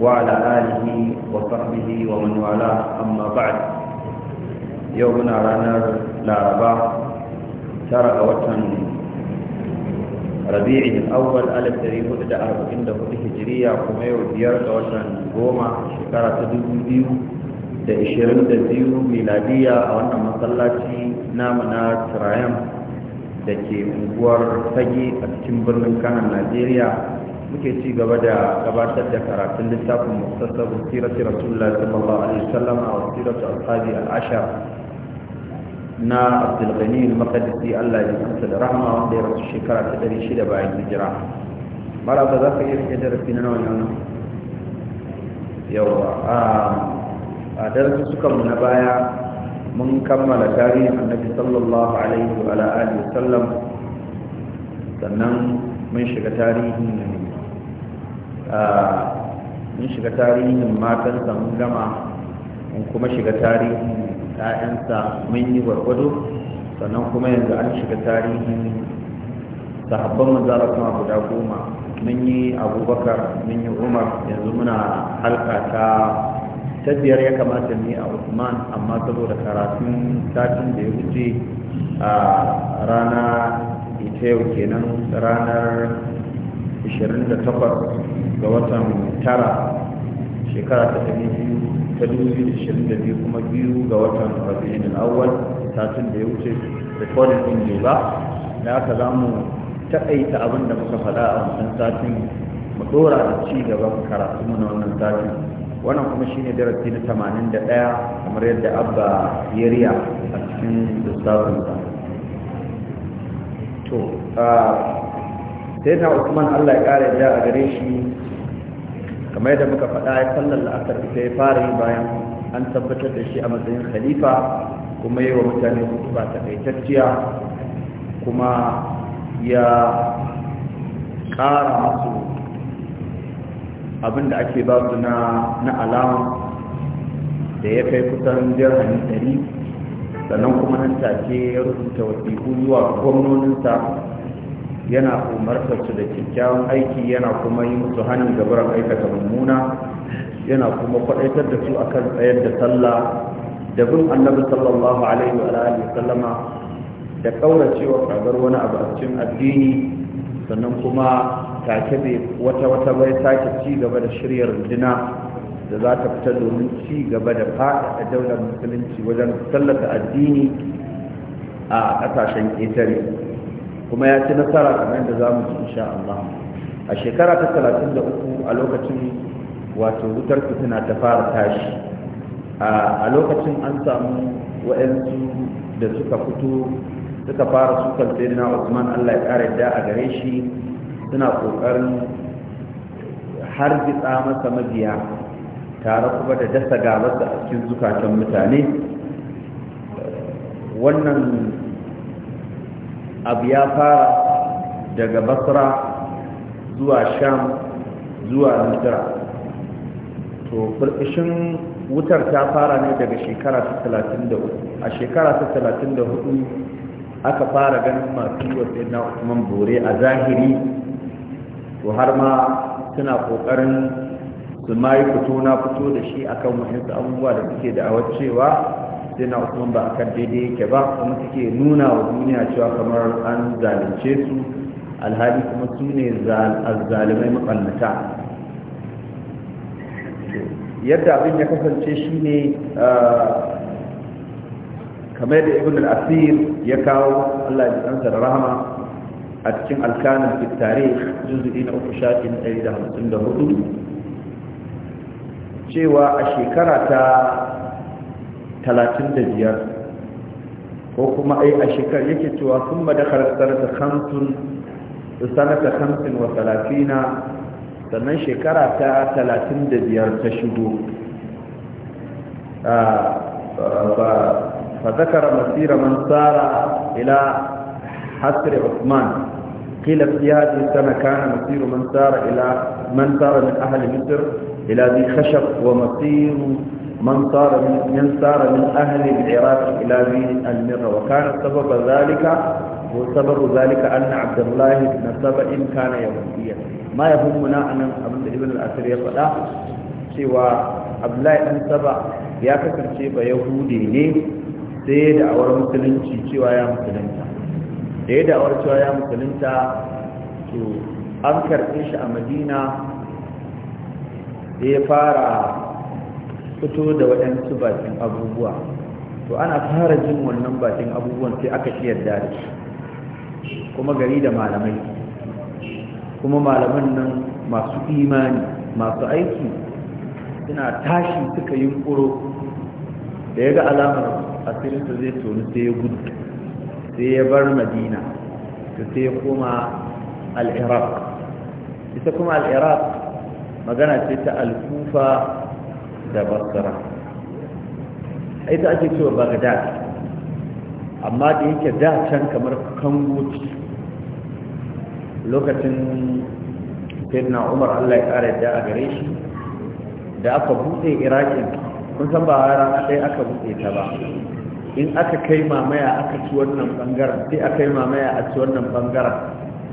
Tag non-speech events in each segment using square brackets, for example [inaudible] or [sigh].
وعلى آله وصحبه ومن والاه أما بعد يومنا رانا لاربا ترى وطن ربيع الأول ألف تريه دا أربعين دا فتح هجرية كما يوديار دا وطن قوما شكرا تدو بيو دا إشيرين دا بيو ميلادية وانا مصلاتي نامنا ترايم da ke unguwar fage a cikin birnin kanan najeriya muke ci gaba da gabatar da karatun littafin musassar sirati rasulullah sallallahu alaihi wasallam a siratu ashabi al-ashar na abdulghani al-maqdisi Allah ya kusa da rahama wanda ya rasu shekara ta 600 bayan hijira mara ba za ka iya fiye darasi na nawa yau yawa a darasi suka mu na baya mun kammala tarihin annabi sallallahu alaihi wa alihi wasallam sannan mun shiga tarihin Ah, mun shiga tarihin matansa mun gama in kuma shiga tarihin ƴaƴansa mun yi gwargwado sannan kuma yanzu an shiga tarihin sahabban manzara kuma guda goma mun yi abubakar mun yi umar yanzu muna halka ta ta biyar ya kamata ne a usman amma saboda karatun satin da ya wuce a ah, rana ita yau kenan ranar 28 ga watan tara shekara ta ta 2022 kuma biyu ga watan rabi'in al'awwal satin da ya wuce recording din ne ba da aka za mu taƙaita abin da muka faɗa a wasan satin mu ɗora da ci gaban karatu na wannan satin wannan kuma shine darasi na 81 kamar yadda abba yariya a cikin lissafinsa to ah, sai ta usman allah ya kare da a gare shi kamar yadda muka faɗa ya sallar la'asar ita ya fara yi bayan an tabbatar da shi a matsayin khalifa kuma yi wa mutane hutuba kuma ya ƙara masu abinda ake ba su na alam da ya kai kusan da ɗari sannan kuma nan take ya rubuta wasiƙu zuwa gwamnoninsa yana umartar su da kyakkyawan aiki yana kuma yi musu hannun gabar aikata mummuna yana kuma kwadaitar da su akan tsayar da sallah da bin annabi sallallahu alaihi wa alihi sallama da cewa kagar wani abu a cikin addini sannan kuma take bai wata wata bai sake ci gaba da shirya runduna da za ta fita domin ci gaba da faɗaɗa daular musulunci wajen tallata addini a ƙasashen ƙetare kuma ya ci nasara kamar da za mu ci insha Allah a shekara ta 33 a lokacin wato wutar fitina ta fara tashi a lokacin an samu wa'yansu da suka fito suka fara sukar na Usman Allah ya kare da a gare shi suna kokarin har masa mabiya tare kuma da dasa gabarsa da cikin zukatan mutane wannan abu ya fara daga basra zuwa sham zuwa nutra to burbushin wutar ta fara ne daga shekara ta 34 a shekara ta 34 aka fara ganin masu yi wa yana usman bore a zahiri to har ma suna kokarin su ma yi fito na fito da shi akan wa'insu abubuwa da suke da cewa sai na usman ba akan daidai yake ba kuma suke nuna wa duniya cewa kamar an zalunce su alhali kuma su ne zalimai maɓannata yadda abin ya kasance shine ah, kamar da ibn al-asir ya kawo Allah ya kansa da rahama a cikin alkanin fit juzudi na uku shafin 154 cewa a shekara ta talatin da biyar ko kuma ai a shekar yake cewa sun madakar sanata hamsin wa talatina sannan shekara ta talatin da biyar ta shigo fa zakara masira man tsara ila hasri usman kila fiye هذه sana kana مسير man tsara ila. من صار من أهل مصر إلى ذي خشب ومصير من صار من, من صار من أهل العراق إلى ذي المرة وكان سبب ذلك وسبب ذلك أن عبد الله بن سبأ كان يهوديا ما يهمنا أن عبد ابن الأسر يقول سوى عبد الله بن سبأ ya kasance ba yahudi ne sai da awar musulunci cewa ya musulunta da ya da awar cewa ya musulunta to an karɓe shi a madina da ya fara fito da waɗansu bakin abubuwa to ana fara jin wannan bakin abubuwan sai aka shi yadda da shi kuma gari da malamai kuma malaman nan masu imani masu aiki suna tashi suka yi ƙuro da ya ga alamar asirinsa zai toni sai ya gudu sai ya bar madina da sai ya koma al'iraq ita kuma al'iraq magana ce ta alkufa da basra ita ake cewa baghdad amma da yake da can kamar kango lokacin sayyidina umar allah ya kara yadda a gare shi da aka buɗe irakin kun san ba rana ɗaya aka buɗe ta ba in aka kai mamaya aka ci wannan bangaren sai aka kai mamaya a ci wannan bangaren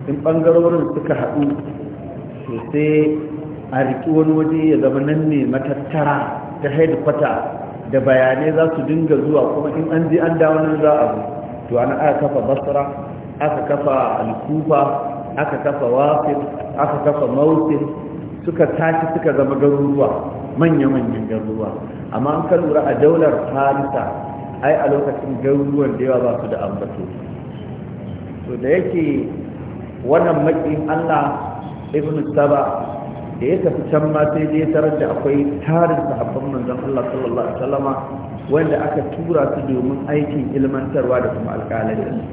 in bangarorin suka haɗu to sai a riki wani waje ya zama nan ne matattara ta headquarter da bayanai za su dinga zuwa kuma in an ji an dawo nan za a to ana aka kafa basra aka kafa alkufa aka kafa wasif aka kafa mausil suka tashi suka zama garuruwa manya-manyan garuruwa amma an ka lura a daular farisa ai a lokacin garuruwan da yawa ba su da ambato to da yake wannan makin allah ibn saba da ya tafi can ma sai dai tarar da akwai tarin sahabban manzon Allah sallallahu alaihi wasallama wanda aka tura su domin aikin ilmantarwa da kuma alƙalai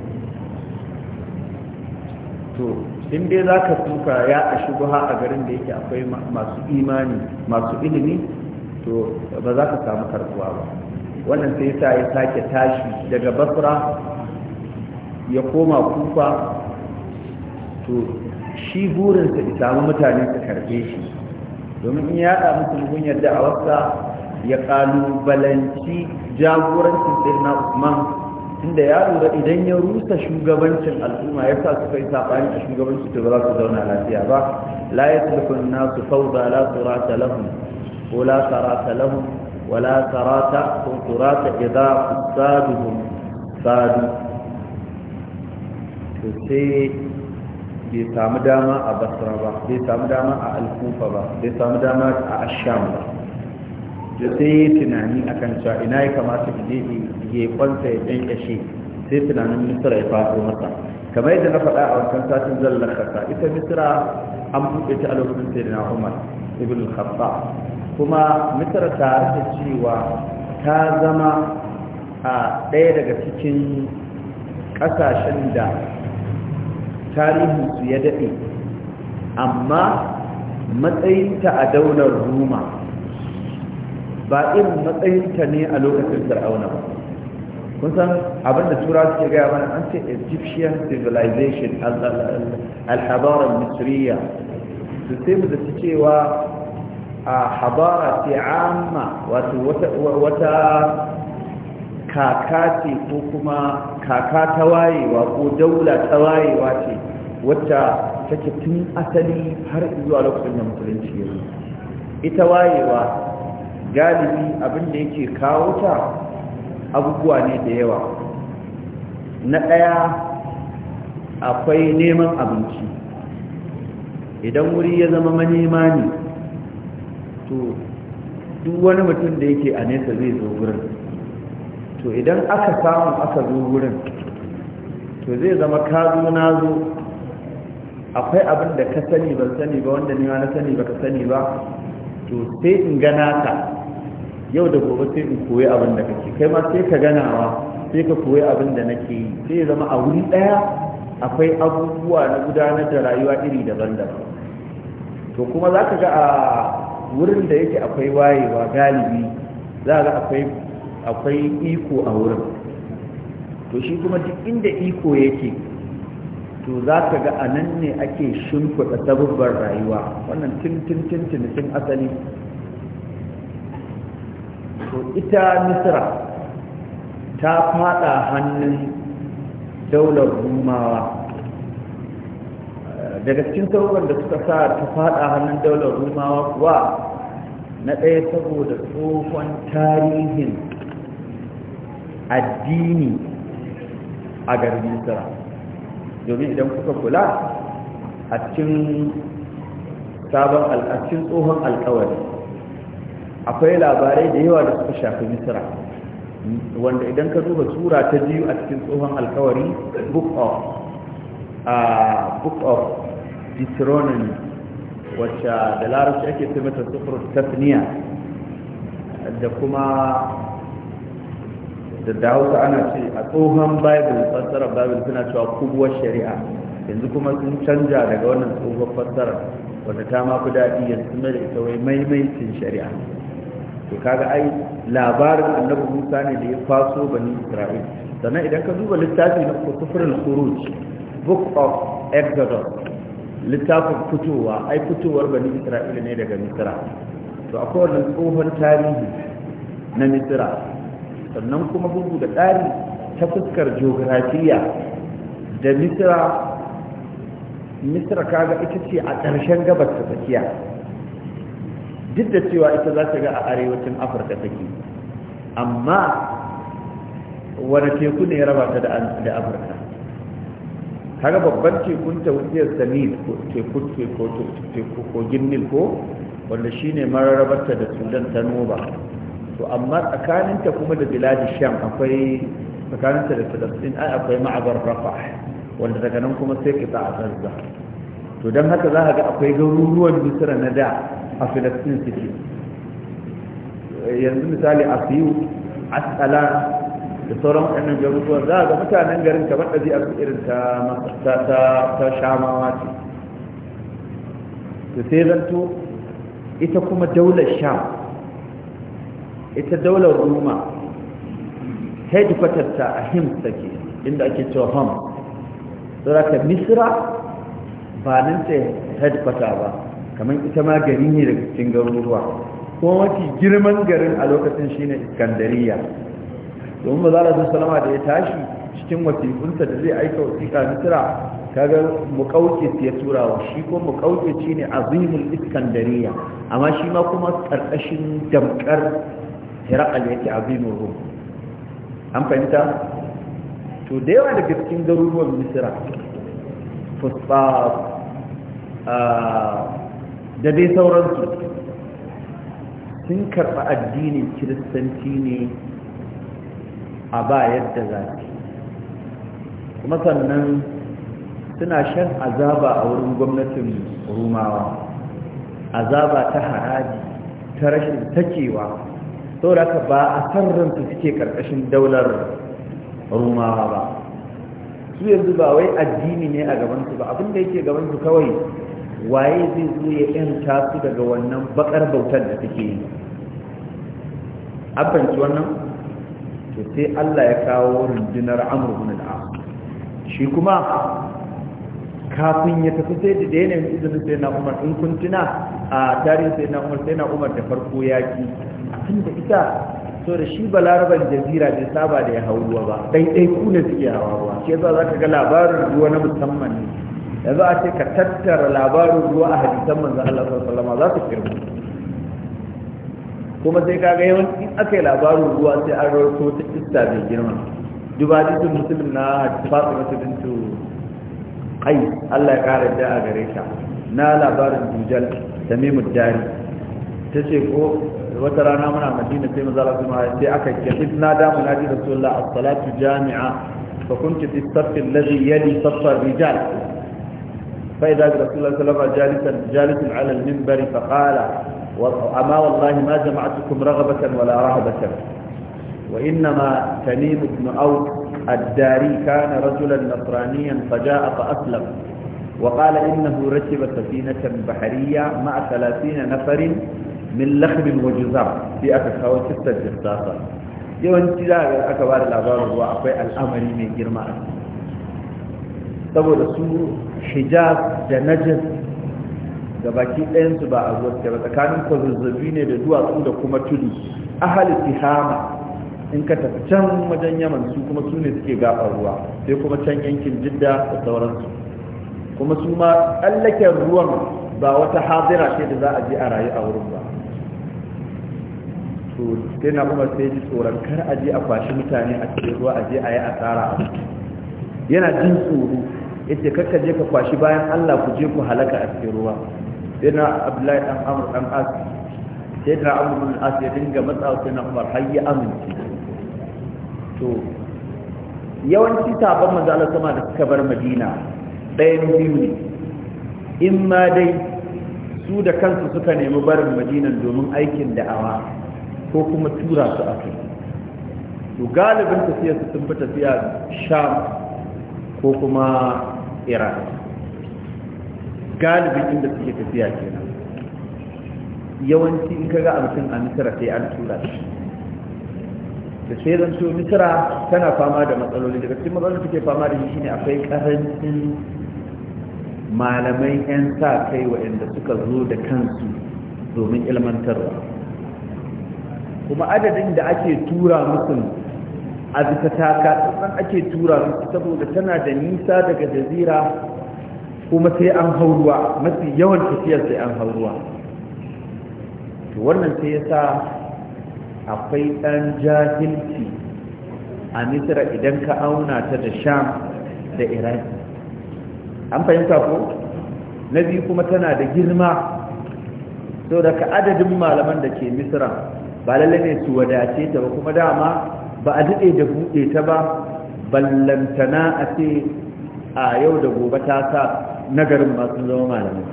to in dai za tuka ya a shubuha a garin da yake akwai masu imani masu ilimi to ba za ka samu karkuwa ba wannan sai sa ya sake tashi daga basra ya koma kufa to shi burinsa ya samu mutane su karbe shi domin in yaɗa musu a wasa ya ƙalubalanci jagorancin tsirna usman inda ya lura idan ya rusa shugabancin al'umma ya sa su kai sabani a shugabancin da ba za su zauna lafiya ba la ya tulkun su fauza la turata lahum ko la tarata lahum wa la tarata ko turata idza sadu sadu sai bai samu dama a basra ba bai samu dama a alkufa ba bai samu dama a asham ba da sai yi tunani a kan cewa ina ya kamata je ya kwanta ya ƙyanƙyashe sai tunanin misira ya faɗo masa kamar yadda na faɗa a wancan satin zan lakasa ita misira an buɗe ta a lokacin sai na umar ibn al-khatta kuma misira ta rike cewa ta zama a ɗaya daga cikin ƙasashen da tarihin su ya daɗe amma matsayinta a daular roma ba irin matsayinta ne a lokacin fir'auna ba kun san abinda tura suke gaya mana an ce egyptian civilization al-habara misriya su sai mu zaci cewa a habara ce amma wata kaka ce ko kuma kaka ta wayewa ko daula ta wayewa ce wacce take tun asali har zuwa lokacin da musulunci ya ita wayewa galibi abin da yake kawo ta abubuwa ne da yawa na ɗaya akwai neman abinci idan wuri ya zama manema ne to duk wani mutum da yake a nesa zai zo wurin to idan aka samu aka zo wurin to zai zama ka zo na zo akwai abin da ka sani ban sani ba wanda ni ma na sani ba ka sani ba to sai in gana ka yau da gobe sai in koyi abin da kake kai ma sai ka ganawa sai ka koyi abin da nake yi sai ya zama a wuri ɗaya akwai abubuwa na gudanar da rayuwa iri daban-daban to kuma za ka ga a wurin da yake akwai wayewa galibi za ga akwai akwai iko a wurin to shi kuma duk inda iko yake to za ka ga a nan ne ake shimfiɗa sabubban rayuwa wannan tun asali to ita misra ta fada hannun daular rumawa daga cikin sauran da suka sa ta fada hannun daular rumawa kuwa na ɗaya saboda tsohon tarihin addini a garin sara domin idan kuka kula a cikin sabon tsohon alkawari akwai labarai da yawa da suka shafi misira wanda idan ka zuba sura ta biyu a cikin tsohon alkawari book of a book of deuteronomy wacce da larabci ake ce mata tafniya da kuma da da hausa ana ce a tsohon bible fassara bible suna cewa kubuwar shari'a yanzu kuma sun canja daga wannan tsohon fassara wanda ta ma daɗi ya da ita wai maimaitin shari'a to kaga ai labarin annabi musa ne da ya faso bani isra'il sannan idan ka duba littafi na kufurin suruj book of exodus littafin fitowa ai fitowar bani isra'il ne daga misra to akwai wannan tsohon tarihi na misra sannan kuma bugu da ɗari ta fuskar geografiya da misira misira kaga ita ce a ƙarshen gabas ta tsakiya duk da cewa ita za ta ga a arewacin afirka take amma wani teku ne ya raba ta da afirka kaga babban tekun ta wujiyar samir teku teku kogin nil ko wanda shine mararabarta da sudan ta noba to amma tsakaninta kuma da biladi sham akwai tsakaninta da filistin ai akwai ma'abar rafah wanda daga nan kuma sai kita a gaza to don haka za ka ga akwai garuruwan misira na da a filistin suke yanzu misali a fiyu asala da sauran waɗannan garuruwan za ga mutanen garin kamar ɗabi'ar su irin ta shamawa ce to sai zanto ita kuma daular sham ita daular roma headquarter ta a himsa take inda ake cewa homs saboda misira ba nan ta headquarter ba kamar ita ma gari ne daga cikin garuruwa kuma mafi girman garin a lokacin shine iskandariya domin ba za a zo salama da ya tashi cikin wasiƙunsa da zai aika wasiƙa misra kaga muƙauke ya turawa shi ko muƙauke shi ne azimul iskandariya amma shi ma kuma ƙarƙashin damƙar hirakal yake azimin rum an fahimta to da yawa daga cikin garuruwan misira fusfaf da dai sauransu sun karɓi addinin kiristanci ne a ba yadda zafi kuma sannan suna shan azaba a wurin gwamnatin rumawa azaba ta haraji ta rashin takewa saboda ka ba a san ransu suke karkashin daular rumawa ba su yanzu ba wai addini ne a gabansu ba abinda yake gabansu kawai waye zai zo ya yanta su daga wannan bakar bautar da suke yi abinci wannan to sai Allah ya kawo rundunar amur bin al'am shi kuma kafin ya tafi sai da yanayin izinin sai na umar in kun tuna a tarihin sai na umar sai na umar da farko yaki tun da ita so da shi balarabar jazira bai saba da ya hau ruwa ba dai ku ne suke hawa ruwa shi yasa za ka ga labarin ruwa na musamman ne yanzu a ce ka tattara labarin ruwa a hadisan manzan Allah sallallahu za su kirmu kuma sai ka ga yawanci aka yi labarin ruwa sai an rawaito ta ista mai girma duba jisun musulun na fasu masu bintu Kai Allah ya kara da a gare ta na labarin dujal da mimu dari ta ce ko wata rana muna madina sai manzo Allah kuma sai aka kira na da mu nabi rasulullah as-salatu jami'a fa kunti fi saff alladhi yali saff ar-rijal fa idha rasulullah sallallahu alaihi wasallam jalisan jalisan ala al-minbar fa qala أما والله ما جمعتكم رغبة ولا رهبة وإنما تميم بن أوس الداري كان رجلا نصرانيا فجاء فأسلم waƙala in na وقال إنه ركب سفينة بحرية مع ثلاثين نفر من لخم وجزر في أكثر ستة جساسة yawanci za a aka labarin ruwa akwai al'amari mai girma saboda su hijab da najas da baki ɗayansu ba a ruwa ba tsakanin kwazazzabi ne da duwatsu da kuma tudu ahali tihama in ka tafi can wajen yaman su kuma su ne suke ruwa sai kuma can yankin jidda da sauransu kuma su ma tsallaken ruwan ba wata hazira ce da za a je a rayu a wurin ba to sai na kuma sai ji tsoron kar a je a kwashi mutane a cikin ruwa a je a yi asara a yana jin tsoro yace kakka je ka kwashi bayan Allah ku je ku halaka a cikin ruwa sai na Abdullahi dan Amr dan As sai da Amr bin As ya dinga matsa sai na Umar har ya amince to yawanci sabon manzo Allah sama da suka bar Madina ɗayan biyu ne in ma dai su da kansu suka nemi barin madinan domin aikin da'awa ko kuma tura su a kai to galibin tafiya su sun fi tafiya sham ko kuma iraq galibin inda suke tafiya kenan yawanci in kaga abincin a misira sai an tura shi da sai zan so misira tana fama da matsaloli daga cikin matsalolin da take fama da shi shine akwai karancin malamai 'yan sa kai waɗanda suka zo da kansu domin ilmantarwa kuma adadin da ake tura musu a bisa taka ake tura musu saboda tana da nisa daga jazira kuma sai an hauruwa mafi yawan tafiyar sai an hauruwa to wannan sai ya sa akwai ɗan jahilci a misira idan ka auna ta da sham da iraki an fahimta ko na biyu kuma tana da girma so daga adadin malaman da ke Misira. ba lalle ne su wadace ta ba kuma dama ba a daɗe da buɗe ta ba ballantana a ce a yau da gobe ta sa nagarin masu zama malamai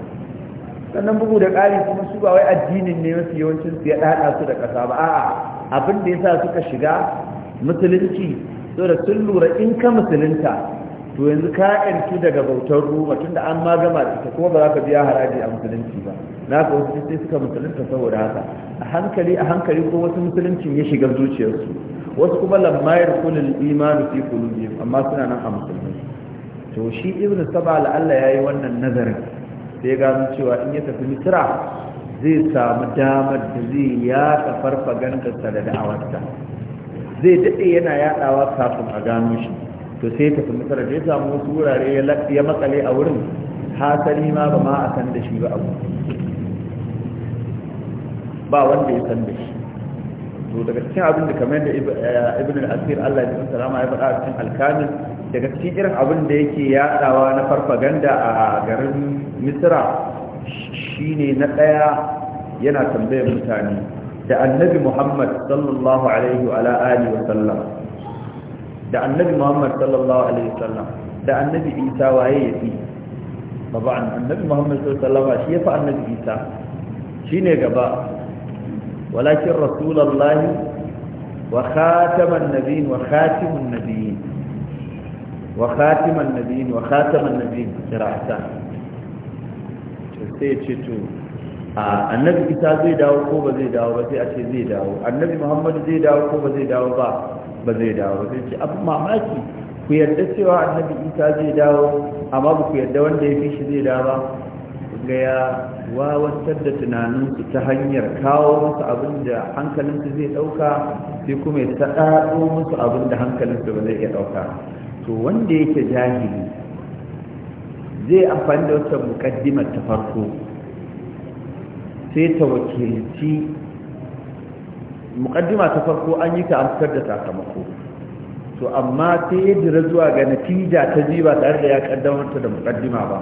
sannan bugu da ƙari kuma su ba wai addinin ne mafi yawancin su ya ɗaɗa su da ƙasa ba a'a abin da ya sa suka shiga musulunci so da sun lura in ka musulunta to yanzu ka ƙarfi daga bautar ruma tunda an ma gama da ita kuma ba za ka biya haraji a musulunci ba na ka wasu sai suka musulunta saboda haka a hankali a hankali ko wasu musuluncin ya shiga zuciyarsu wasu kuma lammayar kulin imanu fi kulubi amma suna nan a musulmi to shi ibnu saba Allah yi wannan nazarin sai gano cewa in ya tafi misra zai samu damar da zai yaɗa farfagandarsa da da'awarsa zai daɗe yana yaɗawa kafin a gano shi to sai tafi misra da ya samu wasu wurare ya makale a wurin hasali ma ba ma a san da shi ba abu ba wanda ya san da shi to daga cikin abin da kamar da eh, ibn al-asir Allah ya tsara ma ya faɗa a cikin alkamin daga cikin irin abin da yake yadawa na farfaganda a garin misra shine na daya yana tambayar mutane da annabi Muhammad sallallahu alaihi wa alihi wa sallam da annabi muhammad sallallahu alaihi Sallam. da annabi isa waye ya fi baba annabi muhammad sallallahu alaihi wasallam shi ya fi annabi isa Shi ne gaba walakin rasulullahi wa khataman nabiyyin wa khatimun nabiyyin wa khatiman nabiyyin wa khataman nabiyyin qira'atan to sai ce to annabi isa zai dawo ko ba zai dawo ba sai a ce zai dawo annabi muhammad zai dawo ko ba zai dawo ba ba zai dawo ba sai ce abu mamaki ku yarda cewa annabi isa zai dawo amma ba ku yarda wanda ya fi shi zai dawo ba ga ya wawantar da tunaninsu ta hanyar kawo musu abin da hankalinsu zai ɗauka sai kuma ya taɗaɗo musu abin da hankalinsu ba zai iya ɗauka to wanda yake jahili zai amfani da wata muƙaddimar ta farko sai ta wakilci mukaddima ta farko an yi ta amsar da sakamako to amma sai ya jira zuwa ga natija ta ji ba tare da ya kaddamar ta da mukaddima ba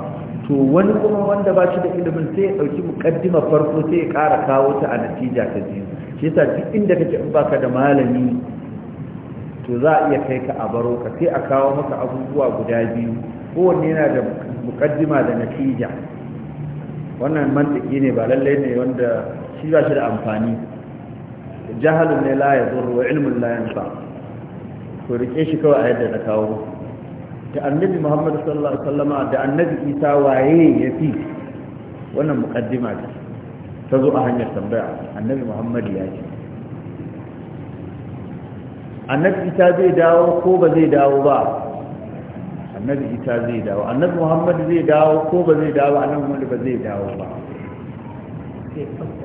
to wani kuma wanda ba shi da ilimin sai ya ɗauki mukaddima farko sai ya ƙara kawo ta a natija ta ji shi yasa duk inda kake in baka da malami to za a iya kai ka a baro ka sai a kawo maka abubuwa guda biyu kowanne yana da mukaddima da natija wannan mantiki ne ba lallai ne wanda shi ba shi da amfani جهل من لا يضر وعلم لا ينفع فريك ايش كو عيد ده النبي محمد صلى الله عليه وسلم ده النبي عيسى وايه يفي وانا مقدمه ده تزو اهنيه تنبيه النبي محمد ياجي النبي عيسى زي داو كو بزي داو با النبي عيسى زي داو النبي محمد زي داو كو بزي داو النبي محمد بزي داو با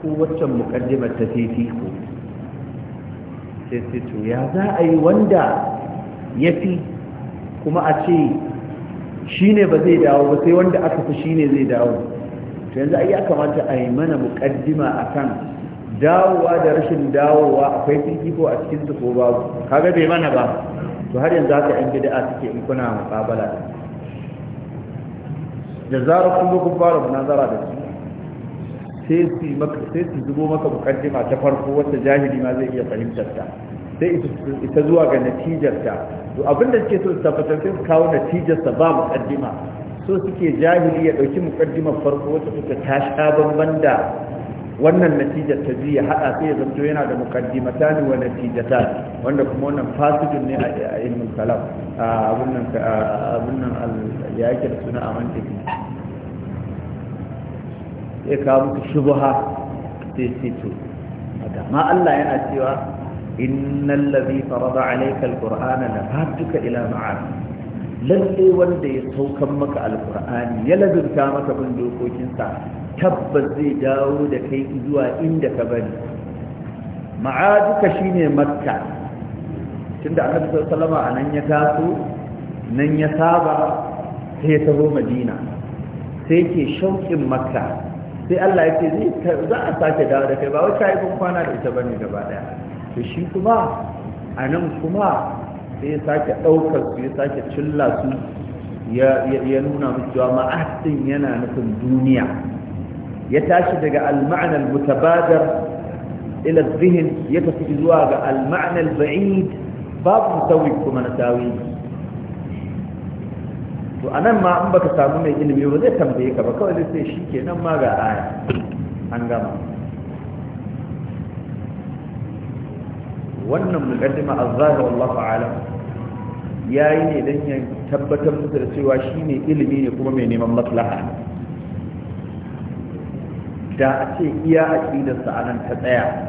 ko wacce mukaddimar ta tafi ko sai sai to ya za a yi wanda ya fi kuma a ce shi ne ba zai dawo ba sai wanda aka fi shi ne zai dawo to yanzu ai ya kamata a yi mana muƙaddima a kan dawowa da rashin dawowa akwai ko a cikin ko babu kaga bai mana ba to har yanzu haka yan gida suke in kuna muƙabala da zarar kun ku fara munazara da su sai su zubo maka mukaddima ta farko wata jahili ma zai iya fahimtar ta sai ita zuwa ga natijar ta to da suke so su tabbatar sai su kawo natijar sa ba mukaddima so suke jahili ya dauki mukaddima farko wata suka ta bamban da wannan natijar ta ji ya hada sai ya zanto yana da ne wa natijatan wanda kuma wannan fasidun ne a ilmin kalam a abun nan abun nan da suna amantiki ya kawo muku shubha sai sai to amma Allah yana cewa innal ladhi farada alayka alqur'ana lahadduka ila ma'ad lalle wanda ya saukan maka alqur'ani ya lazurta maka bin dokokinsa tabbas zai dawo da kai zuwa inda ka bari ma'aduka shine makka tunda annabi sallallahu alaihi anan ya taso nan ya saba sai ya taho madina sai ke shauƙin makka sai Allah ya ce zai za a sake dawo da kai ba wacce yi kwana da ita bane gaba daya to shi kuma a nan kuma sai ya sake ɗaukar su ya sake cilla su ya nuna musu cewa ma'asin yana nufin duniya ya tashi daga al-ma'ana al-mutabadar ila zihin ya tafi zuwa ga al-ma'ana baid babu sauyi kuma na tawili to a nan ma in baka samu mai ilimi ba zai tambaye ka ba kawai zai sai shi ke nan ma ga aya an gama wannan mukaddima azza wallahu alam yayi ne dan ya tabbatar musu da cewa shi ne ilimi ne kuma mai neman maslaha da a ce iya sa anan ta tsaya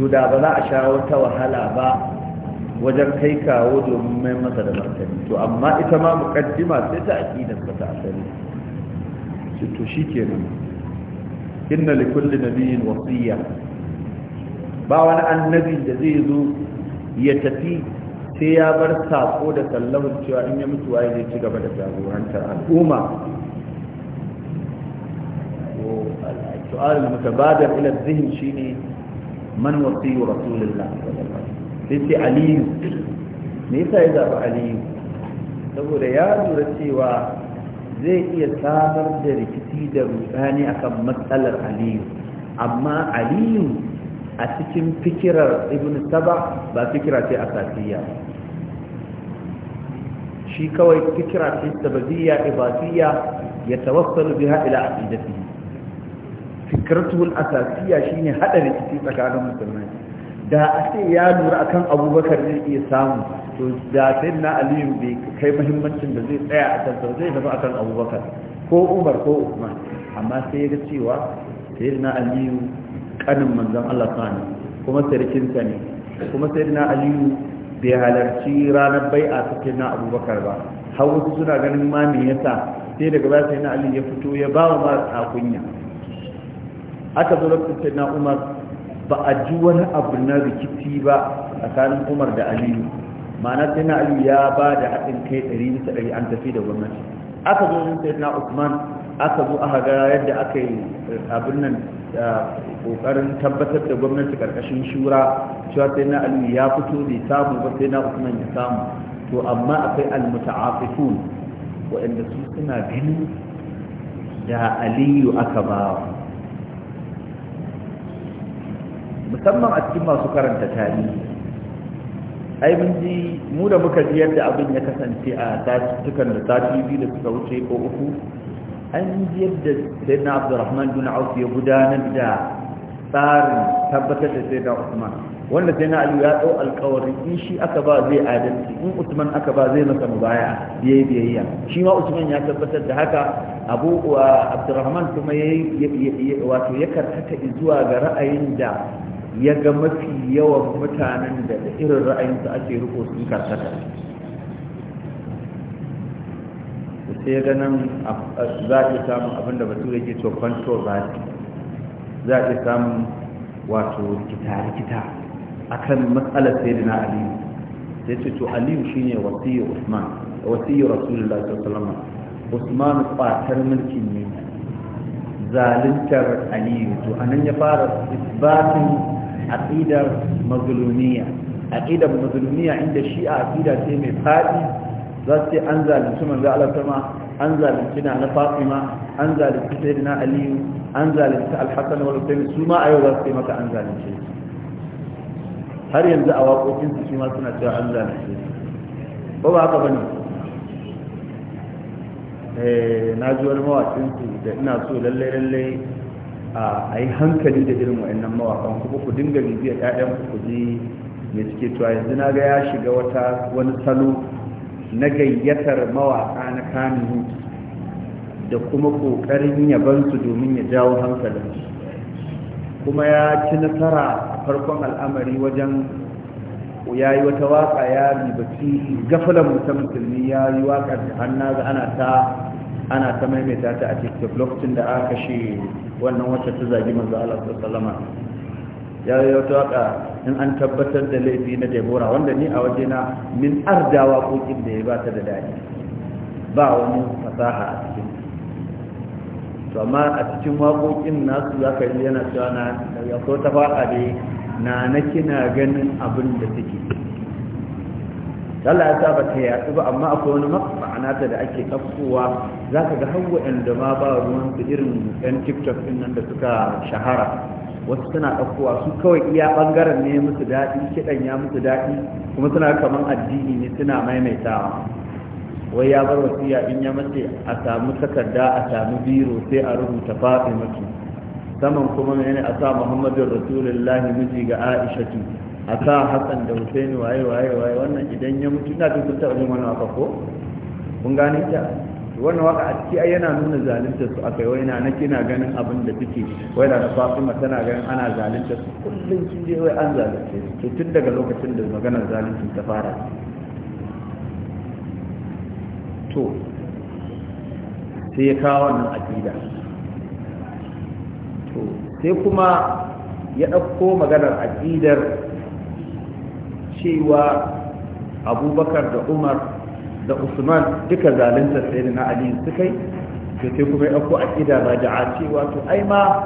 to da ba za a sha wata wahala ba wajen kai kawo domin mai masa da martani to amma ita ma mukaddima sai ta aqidar ba ta asali shi to shikenan inna li kulli nabiyyin wasiyya ba wani annabi da zai zo ya tafi sai ya bar sako da sallamun cewa in ya mutu waye zai ci gaba da jagorantar al'umma to al-mutabadar ila dhihn shine man wasiyyu rasulullah sallallahu alaihi wasallam sai aliyu me yasa ya zaba aliyu saboda ya lura cewa zai iya samar da rikici da rudani akan matsalar aliyu amma aliyu a cikin fikirar ibn saba ba fikira ce a safiya shi kawai fikira ce sababiyya ibadiyya ya tawassal biha ila aqidatihi fikratuhu al-asasiyya shine hada rikici tsakanin musulmai da a ce ya lura a kan abubakar zai iya samu to da sai na aliyu bai kai mahimmancin da zai tsaya a kan zai a akan abubakar ko umar ko usman amma sai ya ga cewa sai na aliyu kanin manzon allah sani kuma sarkinsa ne kuma sai na aliyu bai halarci ranar bai a sai na abubakar ba har wasu suna ganin ma me yasa sai daga baya sai na aliyu ya fito ya ba wa ma kunya aka zo lokacin na umar ba a ji wani abu na rikici ba tsakanin umar da aliyu ma'ana sai na aliyu ya ba da haɗin kai ɗari bisa ɗari an tafi da gwamnati aka zo yin sai na usman aka zo aka ga yadda aka yi eh, abin nan ƙoƙarin tabbatar da gwamnati ƙarƙashin shura cewa sai na aliyu ya fito bai samu ba sai na usman ya samu to amma akwai almuta'afifun waɗanda su suna ganin da aliyu aka bawa musamman a cikin masu karanta tarihi ai mun ji mu da muka ji yadda abin ya kasance a tattukan da sati biyu da suka wuce ko uku an ji yadda sayyidina abdurrahman bin auf ya gudanar da tsarin tabbatar da sayyidina usman wanda sayyidina ali ya dau alƙawarin in shi aka ba zai adalci in usman aka ba zai masa mubaya biye biyayya shi ma usman ya tabbatar da haka abu abdurrahman kuma yayi wato ya karkata zuwa ga ra'ayin da ya ga mafi yawan mutanen da da irin ra'ayinsu ake riko sun karkata sai ga nan za a samun abin da bature ke to control rati za a samun wato rikita-rikita a kan matsalar sai da na aliyu sai ce to aliyu shi ne wasiyyar usman wasiyyar rasulullah sallama usman kwatar mulkin ne zaluntar aliyu to anan ya fara isbatin aqidar mazlumiya aqidar mazlumiya inda shi'a aqida ce mai fadi za su ce an zalunci manzo Allah sama an zalunci na na Fatima an zalunci sayyidina Ali an zalunci Al-Hasan wal Husayn su ma ayo za su ce maka an zalunce har yanzu a waƙoƙin su su ma suna cewa an zalunce ko ba haka bane eh na ji wani mawaƙin su da ina so lalle lalle a yi hankali da irin wa'annan mawakan kuma ku dinga bibiyar 'ya'yan ku ji mai suke cewa yanzu na ga ya shiga wata wani salo na gayyatar mawaka na kanu da kuma kokarin yabansu domin ya jawo hankalin kuma ya ci nasara a farkon al'amari wajen ya yi wata waka ya ribaci gafilan mutum musulmi ya yi wakar da hannu ana ta ana ta maimaita ta a tiktok lokacin da aka kashe wannan wacce ta zagi manzo Allah wasallam ya yi wata in an tabbatar da laifi na debora wanda ni a waje na min ardawa kin da ya bata da daɗi ba wani fasaha a cikin to amma a cikin waƙoƙin nasu za ka yana cewa na ya so ta faɗa dai na na kina ganin abin da take Allah ya saba ta yaɗu ba amma akwai wani ma'ana ta da ake kafkowa za ka ga hawa da ma ba ruwan su irin yan tiktok din nan da suka shahara wasu suna ɗaukowa su kawai iya ɓangaren ne musu daɗi kiɗan ya musu daɗi kuma suna kaman addini ne suna maimaitawa wai ya bar wasiya in ya mace a samu takarda a samu biro sai a rubuta faɗi mutu saman kuma ne a sa muhammadin rasulullahi miji ga aishatu a sa hassan da husaini waye waye waye wannan idan ya mutu ina tun taɓa jin wani waka ko kun gane ta wannan waka a ciki yana nuna zalunta su yi wai na nake na ganin abin da suke wai da Fatima tana ganin ana zalunta su kullum sun je wai an zalunta su tun daga lokacin da maganar zalunta ta fara to sai ya kawo wannan aqida to sai kuma ya ɗauko maganar aqidar cewa abubakar da umar da usman duka zalunta sai na ali su kai to sai kuma ya ko ba da cewa to ai ma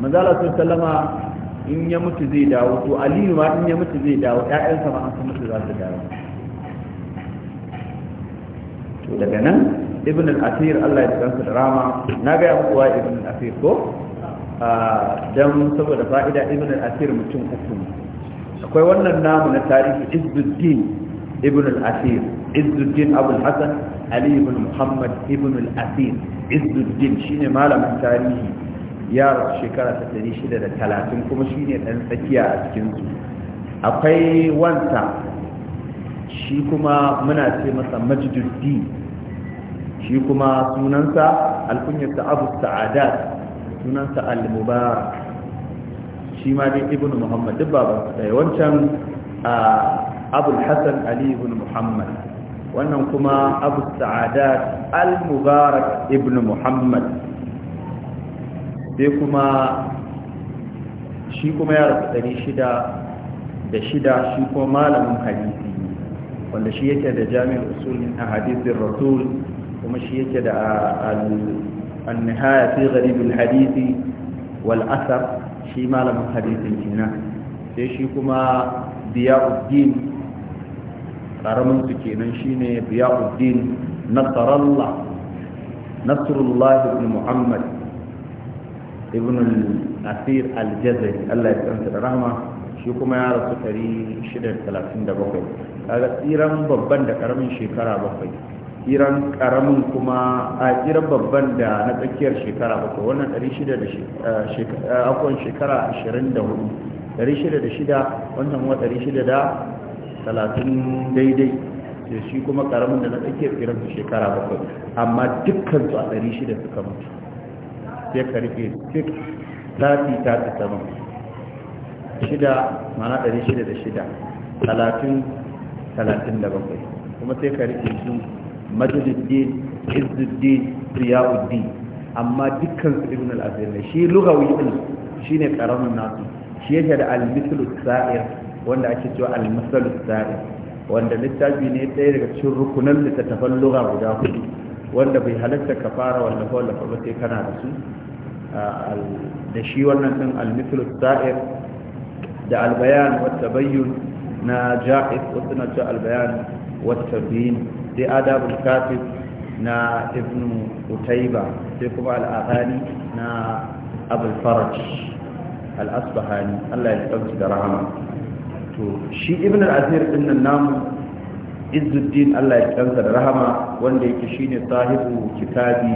manzala sallama in ya mutu zai dawo to aliyu ma in ya mutu zai dawo ƴaƴansa ma an san mutu za su dawo to daga nan ibn al-asir Allah ya tsansa da rama na ga muku wa ibn al-asir ko ah, dan saboda fa'ida ibn al-asir mutum uku ne akwai wannan namu na tarihi izzuddin ibn al-asir izzuddin abu hasan ali ibn muhammad ibn al-asir izzuddin shine malamin tarihi ya shekara ta talatin, kuma shine dan tsakiya a cikin su akwai wanta shi kuma muna ce masa majduddin shi kuma sunansa alkunyarsa abu sa'adat sunansa al-mubarak shi ma dai ibn muhammad duk baban ɗaya wancan abul ali ibn muhammad wannan kuma abu sa'adat al-mubarak ibn muhammad sai kuma shi kuma ya rasu ɗari shida da shida shi kuma malamin hadisi wanda shi yake da jami'ar usulin a hadisin rasul kuma shi yake da al-nihaya fi gharibin hadisi wal asar shi malamin hadisin kenan sai shi kuma biya'uddin karamin su kenan shine biya'uddin nasarallah nasrullah ibn muhammad ibn al-asir al Allah ya tsanta da rahama shi kuma ya rasu 637 kaga tsiran babban da karamin shekara bakwai kiran karamin kuma a kiran babban da na tsakiyar shekara bakwai wannan 600 akon shekara 24 606 wannan wa 630 daidai da shi kuma karamin da na tsakiyar kiran su shekara bakwai amma dukkan su a 600 suka mutu sai karfe rike 6 30 ta ta shida mana 606 30 37 kuma sai karfe rike majaluddin izzuddin riyauddin amma dukkan su ibn al-azhar ne shi lughawi din shine karamin nasu shi yake da al-mithlu sa'ir wanda ake cewa al-masalu sa'ir wanda littafi ne ɗaya daga cikin rukunan littattafan lugha guda hudu wanda bai halatta ka fara wallafa wallafa ba sai kana da su da shi wannan din al-mithlu sa'ir da al-bayan wa tabayyun na ja'iz wasu na ce al-bayan wa tabayyun sai adabul kafir na ibnu utaiba sai kuma al'adani na abul faraj al'asbahani allah ya ɗauki da rahama to shi ibn al'asir ɗin nan namu izuddin allah ya ɗansa da rahama wanda yake shine sahibu kitabi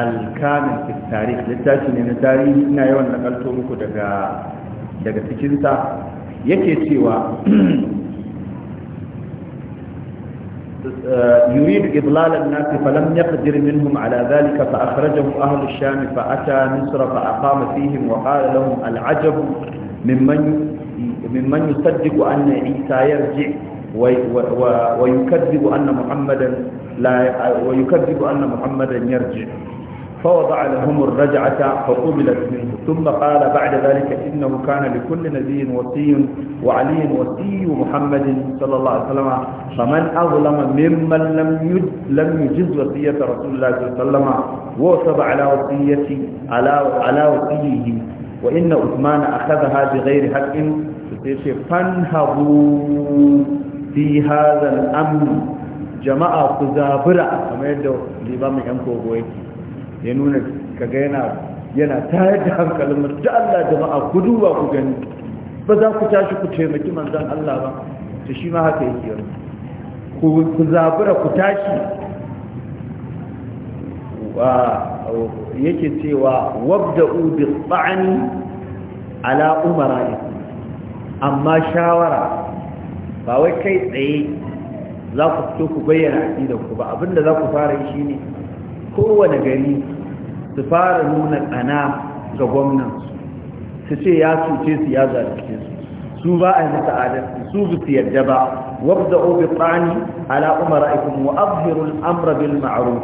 alkamin tarihi littafi ne na tarihi ina yawan nakalto muku daga daga cikinsa yake cewa [clears throat] آه، يريد إضلال الناس فلم يقدر منهم على ذلك فأخرجه أهل الشام فأتى مصر فأقام فيهم وقال لهم العجب ممن ممن يصدق أن عيسى يرجع ويكذب أن محمدا لا ويكذب أن محمدا يرجع فوضع لهم الرجعة فقبلت منه ثم قال بعد ذلك إنه كان لكل نبي وصي وعلي وصي محمد صلى الله عليه وسلم فمن أظلم ممن لم لم يجز وصية رسول الله صلى الله عليه وسلم وصب على وصية على على وصيه وإن عثمان أخذها بغير حق فانهضوا في هذا الأمر جماعة كزابرة كما يدعو الإمام ينكو بويكي ya nuna kaga yana yana tayar da hankalin mu da Allah jama'a ku duba ku gani ba za ku tashi ku taimaki manzon Allah ba to shi ma haka yake yau ku ku zabura ku tashi wa yake cewa wabda'u bi ta'ani ala umara'i amma shawara ba wai kai tsaye za ku fito ku bayyana aƙidar ku ba abinda za ku fara yi shine kowane gari su fara nuna ana ga gwamnan su ce ya cuce su ya zarce su su ba a yi sa'adar su bi su yarda ba wabda obi tsani ala umaraikum wa abhiru al'amra bil ma'ruf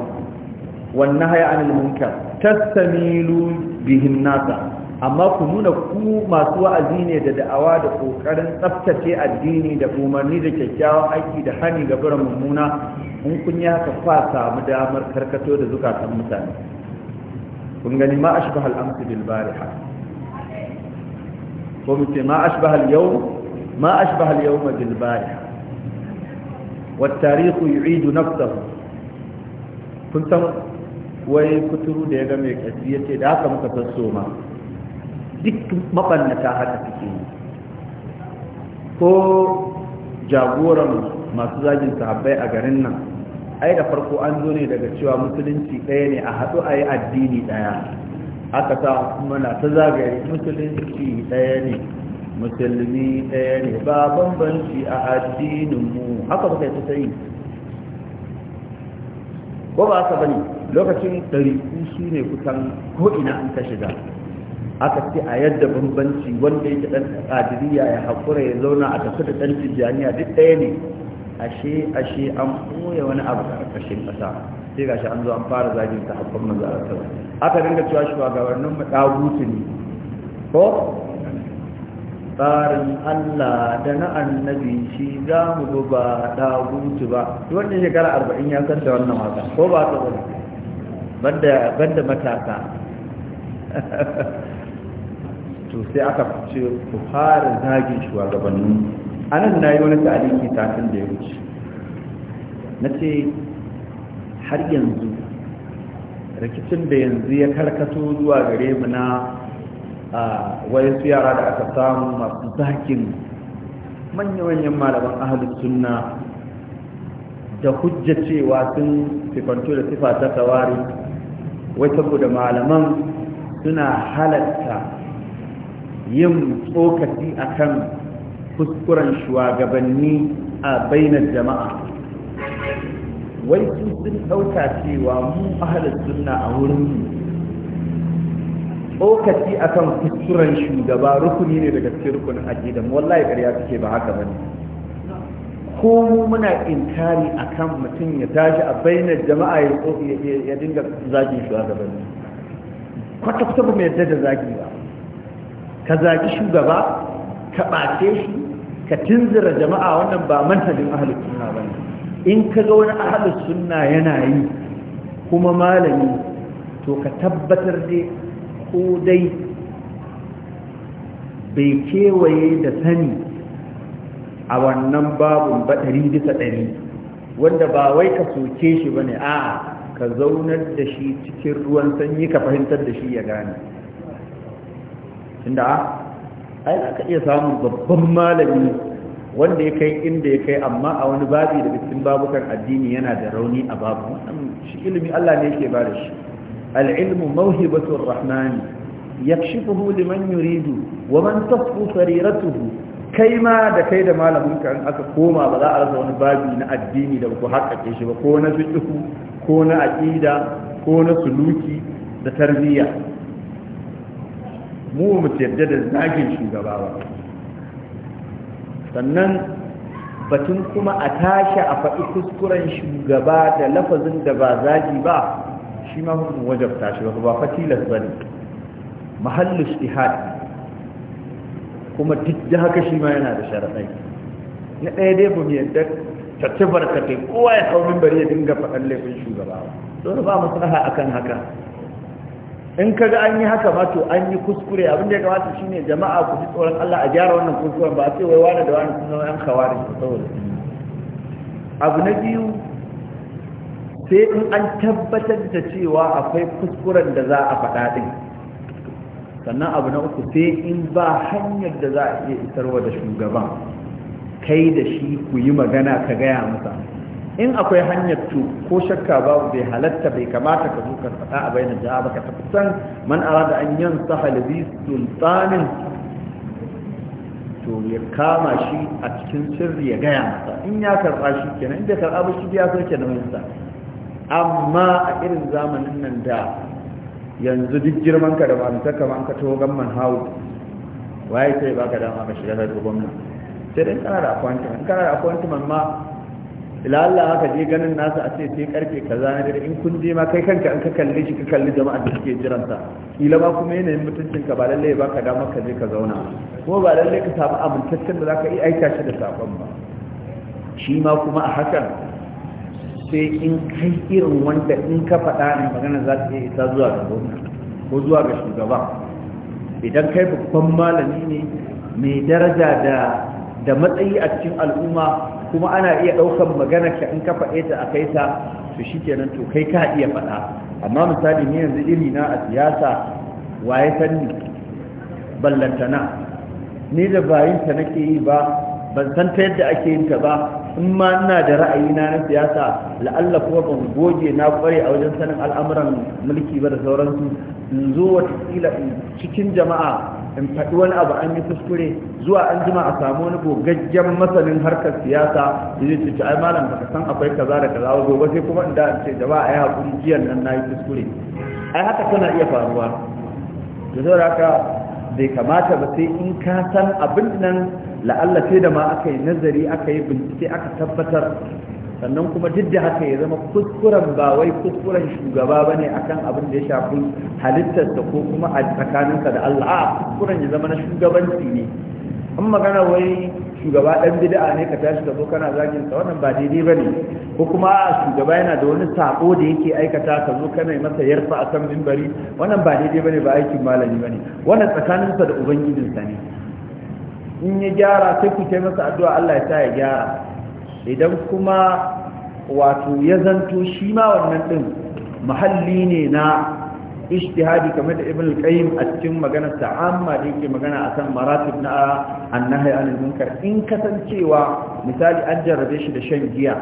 wan nahya anil munkar tasamilu bihin nasa amma ku nuna ku masu wa'azi ne da da'awa da kokarin tsaftace addini da umarni da kyakkyawan aiki da hani ga biran mummuna in kun yi haka fa samu damar karkato da zukatan mutane kun gani ma al amsu bil bariha ko mu ce ma al yawm ma al yawma bil bariha wa tarikh yu'idu nafsahu kun san wai kuturu da ya ga mai kasi yace da haka muka san soma duk mabannata haka take yi ko jagoran masu zagin sahabbai a garin nan ai da farko an zo ne daga cewa musulunci ɗaya ne a haɗu a yi addini ɗaya aka sa mana ta zagaye musulunci ɗaya ne musulmi ɗaya ne ba bambanci a addininmu haka ba kai ta sayi ko ba haka ba lokacin ɗariku su ne kusan ko'ina an ka shiga aka ce a yadda bambanci wanda yake dan kadiriya ya hakura ya zauna a tafi da dan tijjaniya duk ɗaya ne ashe ashe an koya wani abu a ƙarƙashin ƙasa sai shi an zo an fara zagin ta haɓɓar manzara aka dinga cewa shugabannin mu ɗagutu ne ko tsarin Allah da na annabi shi za mu bi ba ɗagutu ba wannan shekara arba'in ya san da wannan waka ko ba ta banda banda matasa [laughs] to sai aka fice ku fara zagin shugabannin a nan na yi wani ta'aliki tafin da ya wuce na ce har yanzu rikicin da yanzu ya karkato zuwa gare mu na su yara da aka samu masu zakin manya-manyan malaman ahalus sunna da hujja cewa sun sifanto da sifa ta tawari wai saboda malaman suna halatta yin tsokaci akan kuskuren shugabanni a bainar jama'a wai sun sun ɗauka cewa mu ahalar sunna a wurin tsokaci akan kuskuren shugaba rukuni ne daga cikin rukunin aqidan wallahi ƙarya suke ba haka bane ko mu muna inkari akan mutum ya tashi a bainar jama'a ya ya dinga zagin shugabanni kwata-kwata ba mu yadda da zagi ba ka zaki shugaba ka ɓace shi ka tunzura jama'a wannan ba manhajin ahalus sunna ba in ka ga wani ahalus sunna yana yi kuma malami to ka tabbatar dai ko dai bai kewaye da sani a wannan babun ba ɗari bisa ɗari wanda ba wai ka soke shi ba ne a ka zaunar da shi cikin ruwan sanyi ka fahimtar da shi ya gane tunda ai iya samun babban malami wanda ya kai inda ya kai amma a wani babi da cikin babukan addini yana da rauni a babu shi ilimi Allah ne yake bada shi al-ilmu mawhibatur rahman yakshifuhu liman yuridu wa man tasfu sariratuhu kai ma da kai da malamin ka aka koma ba za a rasa wani babi na addini da ku haƙaƙe shi ba ko na fiqh ko na aqida ko na suluki da tarbiyya mu mu yarda da zagin shugaba ba sannan batun kuma a tashi a faɗi kuskuren shugaba da lafazin da ba zagi ba shi ma hukun wajabta shi ba fatilas ba ne mahallus kuma duk da haka shi ma yana da sharaɗai na ɗaya dai ba mu yarda tattabar ka kowa ya hau bari ya dinga faɗan laifin shugaba ba dole ba maslaha akan haka in ka ga an yi haka ma to an yi kuskure abin da ya kamata shine jama'a ku ji tsoron Allah a gyara wannan kuskuren ba a ce wai wani da wani sun zama yan kawari saboda abu na biyu sai in an tabbatar da cewa akwai kuskuren da za a faɗa ɗin sannan abu na uku sai in ba hanyar da za a iya isarwa da shugaban kai da shi ku yi magana ka gaya masa in akwai hanyar tu ko shakka babu bai halatta bai kamata ka zuka faɗa a bayan jaha ba ka san man arada an yan sahalabi sultanin to ya kama shi a cikin sirri ya gaya masa in ya karɓa shi kenan inda karɓa ba shi ya sauke sa, amma a irin zamanin nan da yanzu duk girman ka da mamta man ka gan man hawo waye sai baka dama ka shiga da gwamnati sai dai kana da appointment kana da appointment ma lalla haka je ganin nasa a ce sai karfe kaza na dare in kun je ma kai kanka in ka kalle shi ka kalli jama'a da suke jiran sa kila ba kuma yanayin mutuncin ka ba lalle ba ka damar ka je ka zauna ko ba lalle ka samu amintaccen da ka iya aika shi da sakon ba shi ma kuma a hakan sai in kai irin wanda in ka faɗa ne magana za ta iya isa zuwa ga gwamna ko zuwa ga shugaba idan kai babban malami ne mai daraja da da matsayi a cikin al'umma kuma ana iya ɗaukar magana ka in ka faɗe ta a kai ta to shi kenan to kai ka iya faɗa amma misali ni yanzu iri na a siyasa waye sanni ballantana ni da bayin ta nake yi ba ban san ta yadda ake yin ta ba in ma ina da ra'ayi na na siyasa la'alla kuma ban goge na kware a wajen sanin al'amuran mulki ba da sauransu in zo watakila cikin jama'a in faɗi wani abu an yi kuskure zuwa an jima a samu wani gogaggen masanin harkar siyasa da zai ce ai malam baka san akwai kaza da kaza ba gobe sai kuma inda ce da ba a yi hakuri jiyan nan na yi kuskure ai haka tana iya faruwa da zai raka bai kamata ba sai in ka san abin nan la'alla sai da ma aka yi nazari aka yi bincike aka tabbatar sannan kuma duk da haka ya zama kuskuren ba wai kuskuren shugaba ba ne akan abin da ya shafi halittarsa ko kuma a tsakaninsa da Allah a kuskuren ya zama na shugabanci ne in magana wai shugaba ɗan bid'a ne ka tashi ka zo kana zagin sa wannan ba daidai ba ne ko kuma shugaba yana da wani sako da yake aikata ka zo kana masa yarfa akan mimbari wannan ba daidai ba ne ba aikin malami ba ne wannan tsakaninsa da ubangijinsa ne in ya gyara sai ku masa addu'a Allah ya sa ya gyara idan kuma wato ya zanto shi ma wannan din mahalli ne na ijtihadi kamar da ibn al-qayyim a cikin maganar ta amma da yake magana akan maratib na annahi anil munkar in kasancewa misali an jarrabe shi da shan giya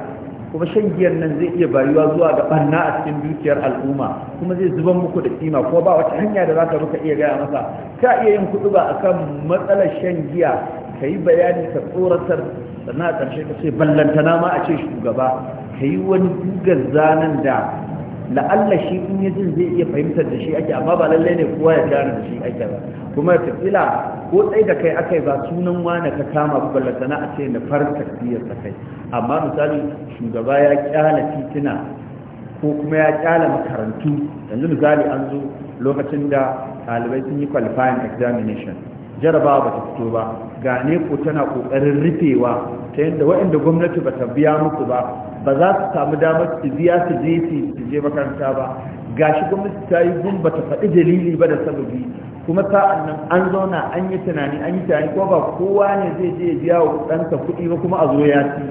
kuma shan giyan nan zai iya bayuwa zuwa ga barna a cikin dukiyar al'umma kuma zai zuban muku da kima ko ba wata hanya da zaka muka iya gaya masa ka iya yin kudu ba akan matsalar shan giya ka yi bayani ka tsoratar sannan a ƙarshe ka ce ballantana ma a ce shugaba ka yi wani gugar zanen da la'alla shi in yi jin zai iya fahimtar da shi ake amma ba lallai ne kowa ya gane da shi ake ba kuma tafila ko tsaye da kai aka yi ba sunan wane ka kama ku ballantana a ce na farin biyar ta kai amma misali shugaba ya kyala titina ko kuma ya kyala makarantu yanzu misali an zo lokacin da ɗalibai sun yi qualifying examination jarabawa ba ta fito ba gane ko tana kokarin rufewa ta yadda waɗanda gwamnati ba ta biya muku ba ba za su samu damar su biya su je su je makaranta ba gashi gwamnati ta yi gun ba ta faɗi dalili ba da sababi kuma sa'an nan an zauna an yi tunani an yi tunani ko ba kowa ne zai je biya wa ɗansa kuɗi ba kuma a zo ya ci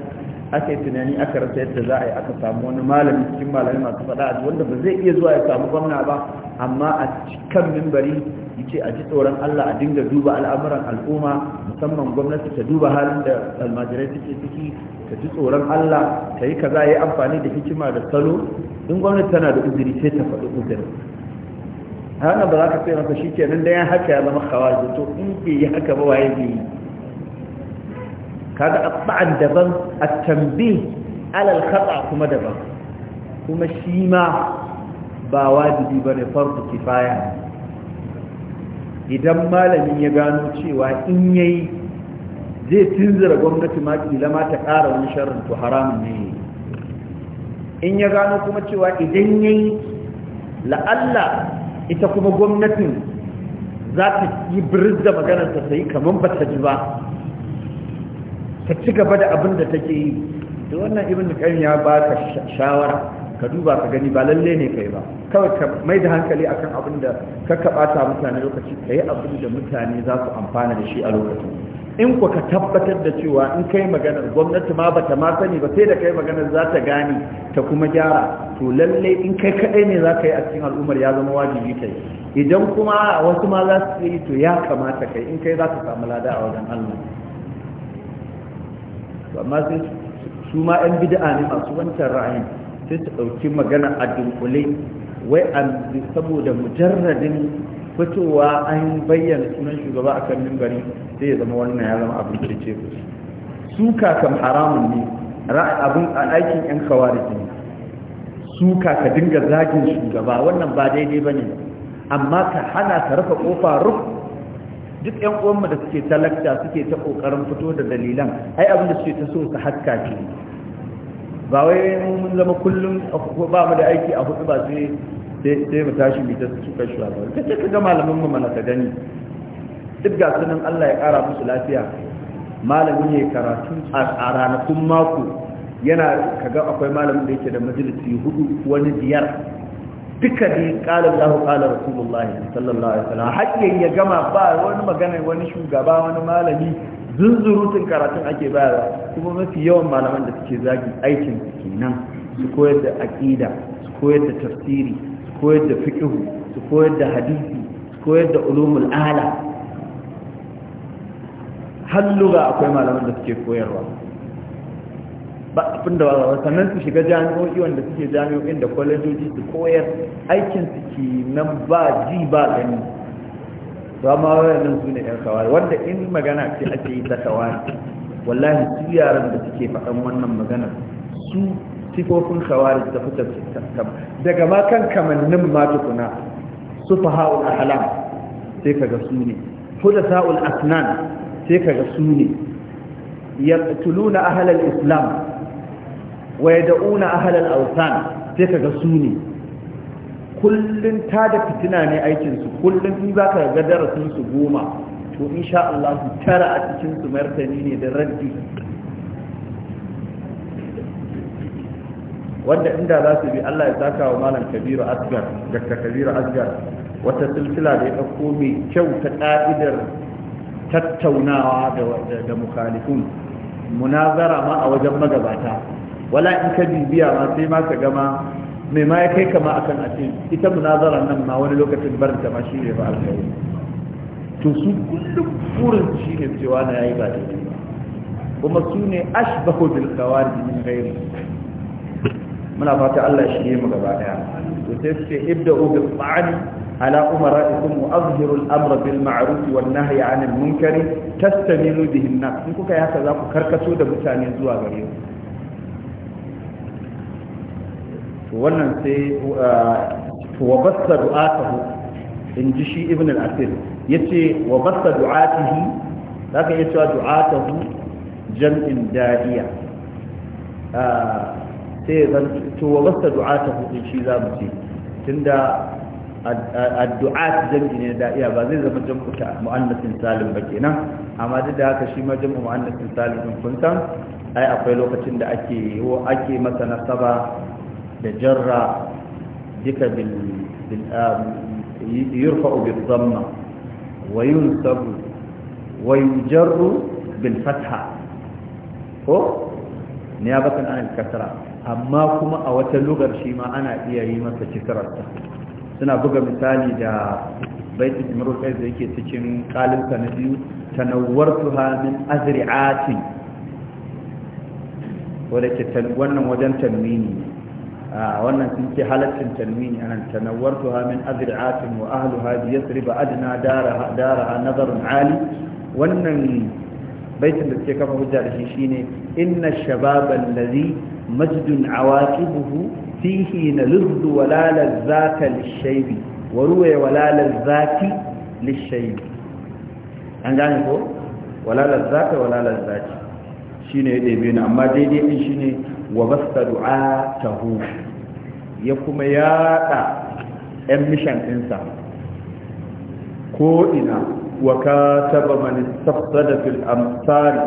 aka yi tunani aka rasa yadda za a yi aka samu wani malami cikin malami masu faɗa a wanda ba zai iya zuwa ya samu gwamna ba amma a cikin mimbari yace a ji tsoron Allah a dinga duba al'amuran al'umma musamman gwamnati ta duba halin da almajirai suke ciki ka ji tsoron Allah ka yi kaza yi amfani da hikima da salo in gwamnati tana da uzuri sai ta faɗi uzuri hana ba za ka sai masa shi kenan da ya haka ya zama kawai to in ke yi haka ba waye bai yi kaga abba'an daban at-tanbih ala al-khata kuma daban kuma shi ma ba wajibi bane fardu kifaya idan malamin ya gano cewa in yayi zai tunzura gwamnati ma kila ma ta ƙara wani sharrin to haramun ne in ya gano kuma cewa idan yayi la'alla ita kuma gwamnatin za ta yi birin da maganarsa ta yi kamar ba ta ji ba ta ci gaba da abin da take yi da wannan ibn qayyim ya baka shawara ka duba ka gani ba lalle ne kai ba kawai ka mai da hankali akan abin da ka ta mutane lokaci kai abin da mutane za su amfana da shi a lokacin in ku ka tabbatar da cewa in kai maganar gwamnati ma bata ma sani ba sai da kai maganar za ta gane ta kuma gyara to lalle in kai kadai ne za ka yi a cikin al'ummar ya zama wajibi kai idan kuma wasu ma za su yi to ya kamata kai in kai za ka samu lada a wajen Allah amma sai su ma yan bid'a ne masu wancan ra'ayin sai su ɗauki magana a dunkule wai an saboda mujarradin fitowa an bayyana sunan shugaba a kan mimbari sai ya zama wannan ya zama abin kirce ku suka kam haramun ne abin aikin yan kawariki ne suka ka dinga zagin shugaba wannan ba daidai ba ne amma ka hana ka rufe kofa ruf duk yan uwanmu da suke talakta suke ta kokarin fito da dalilan ai abin da suke ta so su haska ki ba wai mun zama kullum ko ba mu da aiki a hudu ba sai sai mu tashi mu ta suka shi ba kace ga malamin mu mana ka gani duk ga sunan Allah ya kara musu lafiya Malamin ne karatu a ranakun mako yana kaga akwai malamin da yake da majalisi hudu wani biyar duka ne kala Allah kala Rasulullahi sallallahu alaihi wasallam hakkin ya gama ba wani magana wani shugaba wani malami zunzurutun karatun ake bayarwa kuma mafi yawan malaman da suke zagi aikin su kenan su koyar da aqida su koyar da tafsiri su koyar da fiqh su koyar da hadisi su koyar da ulumul ala halluga akwai malaman da suke koyarwa ba abin da ba sannan su shiga jami'o'i wanda suke jami'o'in da kwalejoji su koyar aikin su ke nan ba ji ba gani to amma wayannan su ne yan kawai wanda in magana ce ake yi ta kawai wallahi su yaran da suke faɗan wannan magana su sifofin kawai ta fitar daga ma kan kamannin ma tukuna su ha'ul ahlam sai kaga su ne sa'ul asnan sai kaga su ne yaqtuluna ahlal islam una a ahlal awsan sai kaga su ne ta da fitina ne aikinsu, kullum kullun in zaka ga darasin su goma to sha Allah tara a cikin su martani ne da raddi wanda inda za su bi Allah ya saka wa malam kabiru asgar dakka kabiru asgar wata silsila da ya ɗauko mai kyau ta ƙa'idar tattaunawa da mukhalifun munazara ma a wajen magabata wala in ka bibiya ma sai ma ka gama mai ma ya kai kama akan a ce ita munazara nan ma wani lokacin barin ta ma shi ne ba alkhairi to su kullum burin shi ne cewa na yayi ba daidai ba kuma su ne ashbahu bil qawarij min ghairi muna fata Allah shi ne mu gaba daya to sai su ce ibda'u bil ma'ani على أمرائكم وأظهروا الأمر بالمعروف والنهي عن المنكر in kuka yasa za ku كذا da mutane zuwa زوا غريو wannan sai uh, wa basta du'atahu in ji shi ibn al-asir ce wa basta du'atihi zaka iya cewa du'atahu jam'in da'iya uh, sai zan to wa basta du'atahu in shi za mu ce tunda addu'at jam'i ne da'iya ba zai zama jam'u ta mu'annasin salim ba kenan amma duk da haka shi ma jam'u mu'annasin salim kun san ai akwai lokacin da ake ake masa nasaba da jarra duka ah, yurfa'u bil dhamma wa yunsabu wa jarru, bin fatha ko niyabatan an al-kasra amma kuma a wata lugar shi ma ana iya yi masa kisrarta suna buga misali da bait imrul qais da yake cikin qalin na biyu tanawwartuha min azri'atin wanda ke wannan wajen tanmini wannan sun ce halaccin tanwini anan tanawwartuha min wa ahluha bi yasrib adna daraha daraha nazarun ali wannan baitin da suke kafa hujja da shi shine inna shabab allazi majdun awaqibuhu fihi nalzu wa la lazzata lishaybi wa ruwa wa la lazzati lishaybi an gane ko lazzata lazzati shine ya ɗebe ni amma daidai shi shine wa basta du'atahu ya kuma yaɗa ƴan mishan ɗinsa ko ina wa ka mani man da fil amsari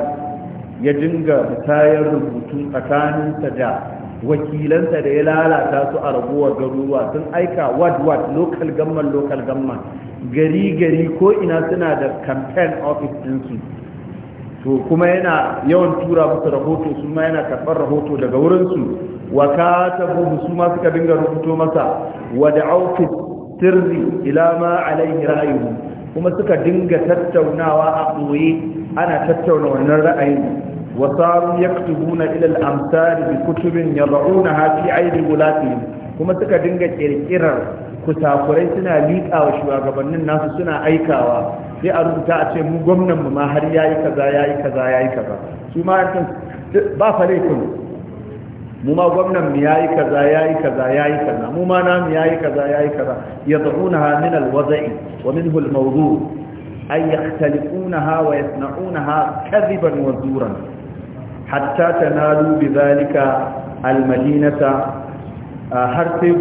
ya dinga tayar rubutun tsakaninsa da wakilansa da ya lalata su a raguwar garuruwa sun aika wad-wad lokal gammal-lokal gamman local gamman gari gari ko ina suna da campaign office ɗinsu to kuma yana yawan tura musu rahoto su ma yana karɓar rahoto daga wurinsu wa katabu su ma suka dinga rubuto masa wa da'aw fi sirri ila ma alaihi ra'ayuhu kuma suka dinga tattaunawa a ɓoye ana tattauna wannan ra'ayin wa saru yaktubuna ila al-amsal bi kutubin yad'unaha fi aidi wulatihim kuma suka dinga kirkirar kusakurai suna liƙa wa shugabannin nasu suna aikawa sai a rubuta a ce mu gwamnan mu ma har yayi kaza yayi kaza yayi kaza su ma kan ba fa laifin mu ma gwamnan mu yayi kaza yayi kaza yayi kaza mu ma na mu yayi kaza yayi kaza yad'unaha min al-wada'i wa minhu al-mawdu' ay yakhtalifunaha wa yasna'unaha kadiban wa zuran hatta tanalu bidhalika al-madinata ah, har sai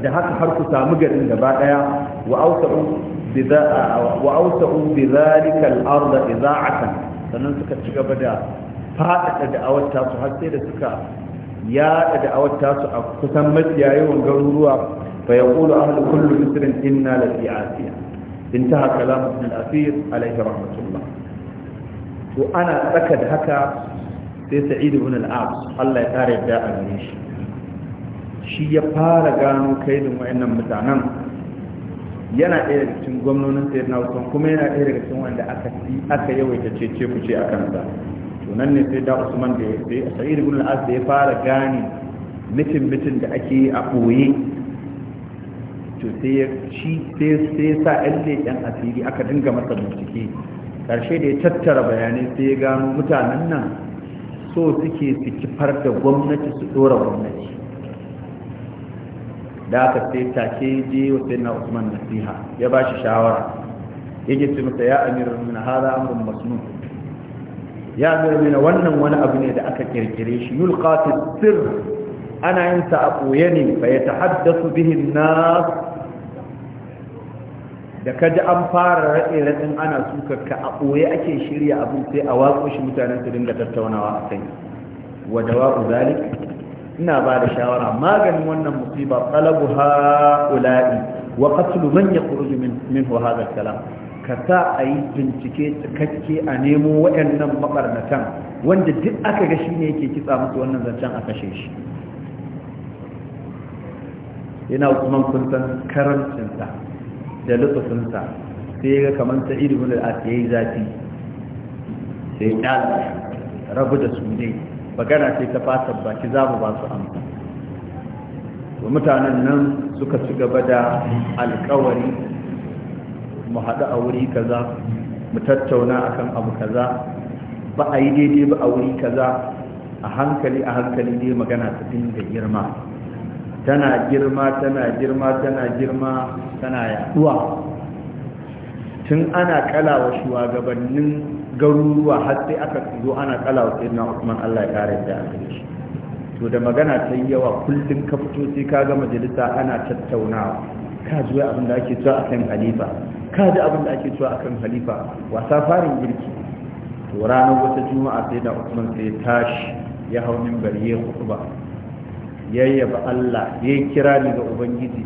da haka har ku samu garin gaba daya wa awsa'u وأوسعوا بذلك الأرض إذاعة sannan suka ci gaba da faɗaɗa da'awar tasu har sai da suka yaɗa da'awar tasu a kusan mafiya yawan garuruwa fa ya ƙulu ahlu kullu misrin inna la fi asiya intaha kalam ibn al-asir alayhi rahmatullah to ana tsaka da haka sai sa'id ibn al-as Allah ya kare da a gare shi shi ya fara gano kaidin wayannan mutanen yana ɗaya daga cikin gwamnonin sayar na usman kuma yana ɗaya daga cikin wanda aka aka yawaita cece ku ce a kansa to ne sai da usman da ya sai sa'id ibn al-as da ya fara gane mitin mitin da ake a ɓoye to sai ya ci sai sa ɗan leƙen asiri aka dinga masa bincike Karshe da ya tattara bayanai sai ya gano mutanen nan so suke su da gwamnati su ɗora gwamnati da aka sai take je wa sayyidina Usman nasiha ya ba shi shawara yake ce masa ya amir min hada amrun masnun ya amir min wannan wani abu ne da aka kirkire shi yulqa fi ana yin sa a koye ne fa yatahaddathu bihi nas da kaji an fara raɗe raɗin ana sukarka a ɓoye ake shirya abin sai a watsa shi mutanen su dinga tattaunawa a kai wa dawa'u zalik ina ba da shawara maganin wannan musiba talabu Ula'i, wa qatlu man yakhruju min minhu hadha kalam ka sa a yi bincike cikakke a nemo waɗannan mabarnatan wanda duk aka ga shi ne yake kitsa musu wannan zancen a kashe shi yana kuma kun san karancinsa da lutsufinsa sai ya ga kamar ta ilimin da ake yi zafi sai ya rabu da su dai magana ce ta fatan baki za mu ba su amsa to mutanen nan suka ci gaba da alkawari mu haɗu a wuri kaza mu tattauna akan abu kaza ba a yi daidai ba a wuri kaza a hankali a hankali dai magana ta dinga girma tana girma tana girma tana girma tana yaduwa tun ana kalawa shugabannin garuruwa har sai aka zo ana kala wa sayyidina Usman Allah ya kare da alheri to da magana ta yi yawa kullum ka fito sai ka ga majalisa ana tattaunawa ka ji abin da ake cewa akan halifa ka ji abin da ake cewa akan halifa wasa farin girki to ranar wata juma'a sai da Usman sai tashi ya hau bari ya khutba yayyaba Allah ya kira ni ga ubangiji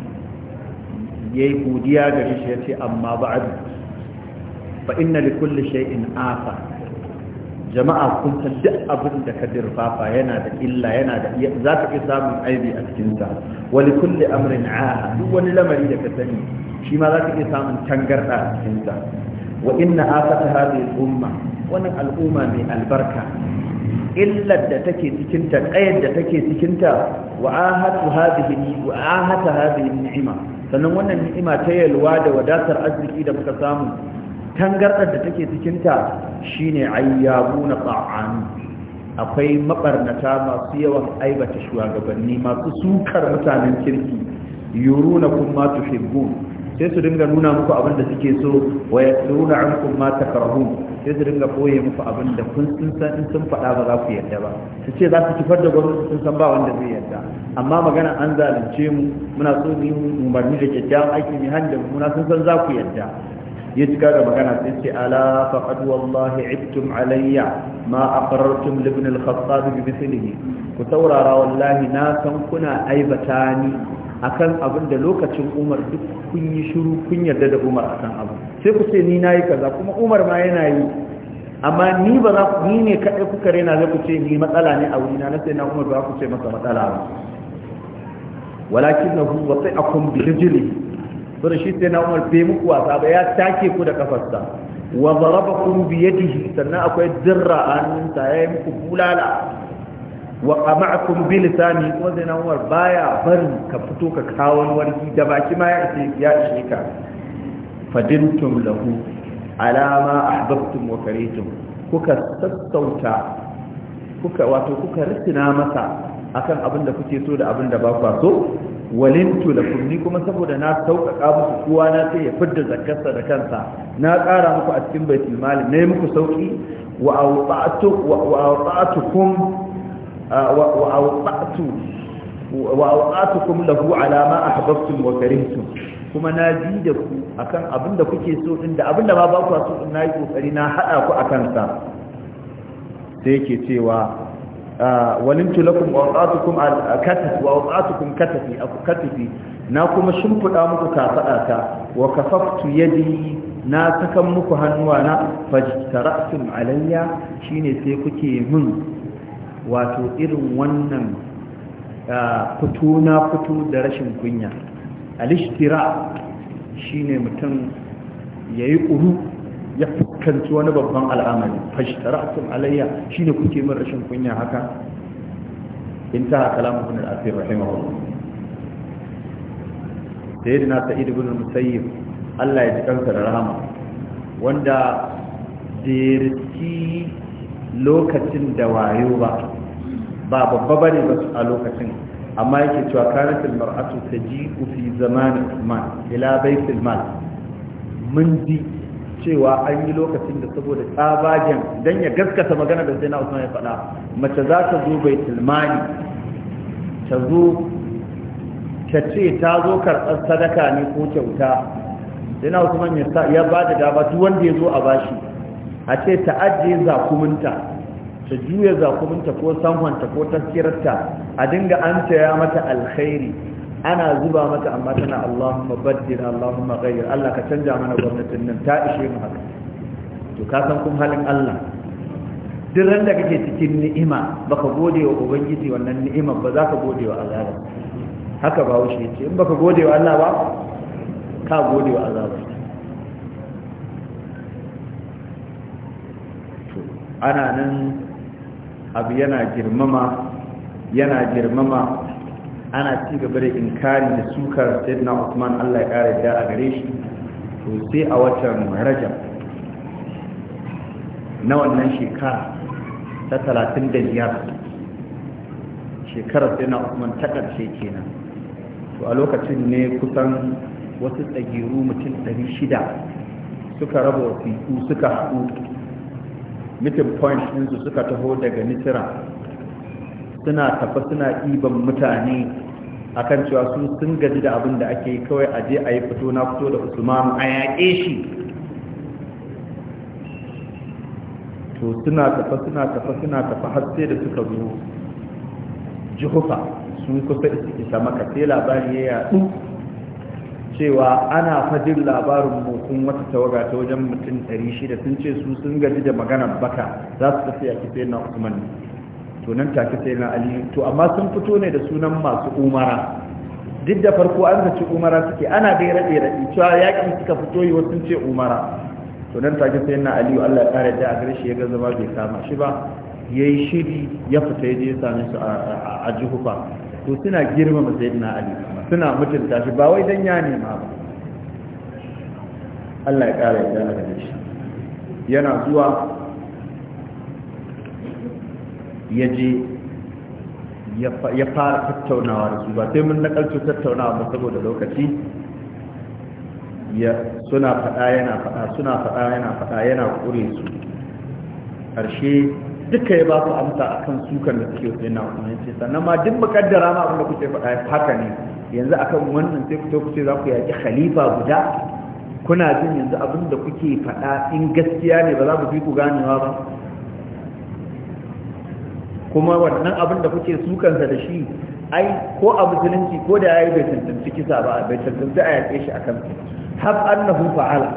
yayi godiya ga shi ya ce amma ba'ad fa inna li kulli shay'in afa jama'a kun san duk abin da ka dirfafa yana da illa yana da za ka iya samun aibi a cikin sa wa li kulli amrin aha duk wani lamari da ka sani shi ma za ka iya samun tangarda a cikin sa wa inna afata hadhihi umma wannan al'umma mai albarka illar da take cikinta ƙayar da take cikinta wa ahatu hadhihi wa ahata hadhihi ni'ima sannan wannan ni'ima ta yalwa da wadatar arziki da muka samu tangardar da take cikinta shine ayyabuna ta'an akwai mabarnata masu yawan aibata shugabanni masu sukar mutanen kirki yuruna kuma tuhibbun sai su dinga nuna muku abin da suke so wa yasuna ankum ma takrahun sai su dinga koye muku abin da kun san in sun faɗa ba za ku yarda ba su ce za su kifar da gwamnati sun san ba wanda zai yarda amma magana an zalunce mu muna so mu yi umarni da kyakkyawan aiki mai handa muna sun san za ku yarda ya cika da magana sai ce ala faqad wallahi ibtum alayya ma aqrartum li ibn al-khattab bi mithlihi ku taurara wallahi na san kuna aibata ni akan abin da lokacin Umar duk kun yi shiru kun yarda da Umar akan abu sai ku ce ni nayi kaza kuma Umar ma yana yi amma ni ba za ku ni ne kadai kuka rena zai ku ce ni matsala ne a wurina na sai na Umar ba ku ce masa matsala ba walakin na hu wasai akum bi rijlihi sun shi sai na umar bai muku wasa ba ya take ku da kafarsa wa zaraba kun biyadihi sannan akwai dirra a hannunsa ya yi muku bulala wa qama'akum bi lisani kuma sai na umar baya barin ka fito ka kawo da baki ma ya ce ya ishe ka fadintum lahu alama ahbabtum wa karihtum kuka sassauta kuka wato kuka risina masa akan abin da kuke so da abin da ba ku so walintu da kunni kuma saboda na sauƙaƙa muku kowa na sai ya fidda zakarsa da kansa na ƙara muku a cikin baitul na ne muku sauƙi wa awqatu wa awqatukum wa awqatu wa awqatukum lahu ala ma ahbabtum wa karihtum kuma na ji da ku akan abin da kuke so din da abin da ba ba ku so din na yi kokari na hada ku akan sa sai yake cewa walimtu lakum awqatukum katafi wa awqatukum katafi aku katafi na kuma shimfuda muku kafada ta wa kafaftu yadi na sakan muku hannuwa na. fajtara'tum alayya shine sai kuke min wato irin wannan fito na fito da rashin kunya alishtira shine mutum yayi ƙuru ya fuskanci wani babban al'amari fashtara'tum alayya shine kuke min rashin kunya haka In intaha kalamu ibn al-asir yadda na sa'id ibn musayyib Allah ya ji kansa da rahama wanda dirki lokacin da wayo ba ba babba ba ne ba a lokacin amma yake cewa kanatul mar'atu taji'u fi zamani man ila baitil mal mun ji cewa an yi lokacin da saboda tsabagen don ya gaskata magana da sai na usman ya faɗa mace za ta zo bai tilmani ta zo ta ce ta zo karɓar sadaka ne ko kyauta sai na usman ya ba da dama duk wanda ya zo a bashi a ce ta ajiye zakuminta ta juya zakuminta ko sanhonta ko taskirarta a dinga an taya mata alkhairi ana zuba mata amma tana Allahumma baddil Allahumma ghayyir Allah ka canja mana gwamnatin nan ta ishe mu haka to ka san kun halin Allah duk ran da kake cikin ni'ima baka gode wa ubangiji wannan ni'imar ba za ka gode wa azaba haka ba wuce ce in baka gode wa Allah ba ka gode wa azaba to ana nan abu yana girmama yana girmama ana ci gaba da inkari da sukar sayyidina Uthman Allah ya kare da a gare shi to sai a watan Rajab na wannan shekara ta da 35 shekarar sayyidina Uthman ta karshe kenan to a lokacin ne kusan wasu tsagiru mutum 600 suka raba wasiƙu suka haɗu meeting point ɗinsu suka taho daga nisira. suna tafa suna iban mutane akan cewa sun sun gaji da abin da ake kawai a je a yi fito na fito da usman a yaƙe shi to suna tafa suna tafa suna tafa har sai da suka zo jihufa sun kusa isa maka sai labari ya yaɗu cewa ana fajin labarin mokun wata tawaga ta wajen mutum 600 sun ce su sun gaji da maganar baka za su tafi a kifin na usman to nan take sai na ali to amma sun fito ne da sunan masu umara duk da farko an zaci umara suke ana dai rabe rabe cewa yaki suka fito yi wasu ce umara to nan take sai na ali Allah ya kare da agare shi ya ga zama bai kama shi ba yayi shiri ya fita ya je ya same su a juhufa to suna girmama sayyidina ali suna mutunta shi ba wai dan ya nema ba Allah ya kare da agare shi yana zuwa ya je ya fara tattaunawa da su ba sai mun nakalci tattaunawa ba saboda lokaci suna faɗa yana faɗa suna faɗa yana faɗa yana ƙure su ƙarshe duka ya ba su amsa a kan sukan da suke sai na kuma yanci sannan ma duk mukaddara ma abinda kuke faɗa haka ne yanzu akan wannan sai fito to za ku yaƙi khalifa guda kuna jin yanzu abin da kuke faɗa in gaskiya ne ba za ku fi ku ganewa ba kuma wannan abin da kuke sukansa da shi ai ko a musulunci ko da yayi bai tantance kisa ba bai tantance a yaƙe shi akan hab annahu fa'ala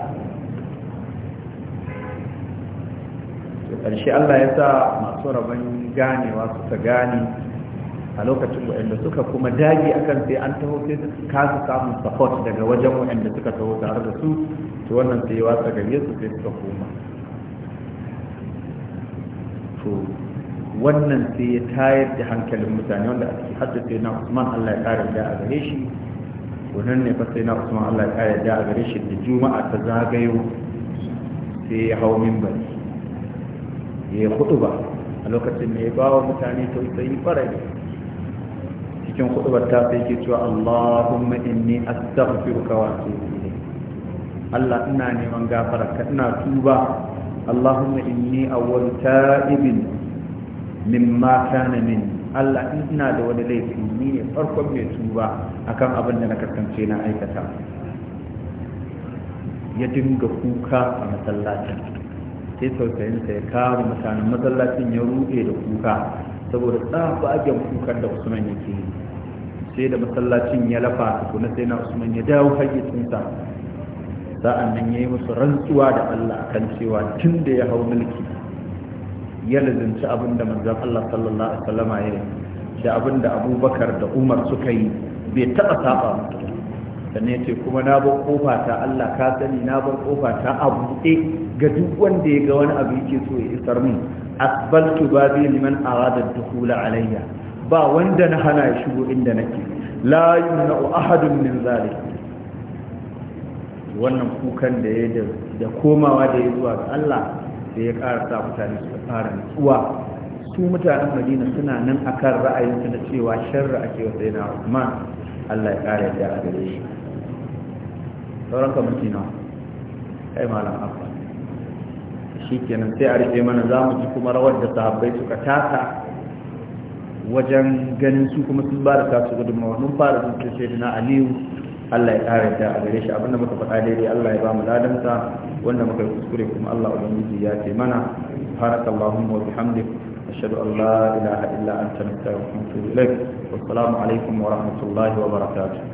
to karshe Allah ya sa masu rabon ganewa ta gane a lokacin waɗanda suka kuma dage akan sai an taho sai suka kasa samun support daga wajen waɗanda suka taho tare da su to wannan sai ya watsa gare su sai suka koma to wannan sai ya tayar da hankalin mutane wanda a ciki hadda sai na usman allah ya kare da a gare shi wannan ne fa sai na usman allah ya kare da a gare shi da juma'a ta zagayo sai ya hau mimbari ya hudu ba a lokacin ne ya ba wa mutane ta yi tausayi farai cikin ba ta sai ke cewa Allahumma inni astaghfiruka wa atubu ilayk Allah ina neman gafararka ina tuba Allahumma inni awwal ta'ibin min ma kana min Allah ina da wani laifi ni ne farkon mai tuba akan abin da na kasance na aikata ya dinga kuka a masallacin sai tausayinsa ya kawo mutanen masallacin ya ruɗe da kuka saboda tsabagen kukan da usman yake yi sai da masallacin ya lafa tukuna sai na usman ya dawo hayyacinsa sa'an nan ya yi musu rantsuwa da allah akan cewa tun da ya hau mulki ya lizinci abin da manzon Allah sallallahu alaihi wasallam ya yi da abin da Abubakar da Umar suka yi bai taɓa saba sannan ce kuma na bar kofa ta Allah ka sani na bar kofa ta a ga duk wanda ya ga wani abu yake so ya isar min asbaltu babi liman arada dukhul alayya ba wanda na hana ya shigo inda nake la yumna'u ahadun min zalik wannan kukan da ya da komawa da ya zuwa ga Allah sai ya ƙara mutane su fara nutsuwa su mutanen madina suna nan akan ra'ayinsu na cewa sharri ake wa sai na usman allah ya kare da a gare shi sauran kamar na kai malam abba shi kenan sai a rike mana za mu ji kuma rawar da sahabbai suka taka wajen ganin su kuma sun ba da tasu gudunmawa nun fara zuciya na aliyu Allah ya kare ta a gare shi abinda muka faɗa daidai Allah ya ba mu ladanta wanda muka kuskure kuma Allah ubangiji ya ce mana subhanakallahumma wa bihamdik ashhadu an la ilaha illa anta nastaghfiruka wa natubu ilaik wassalamu alaikum wa rahmatullahi wa barakatuh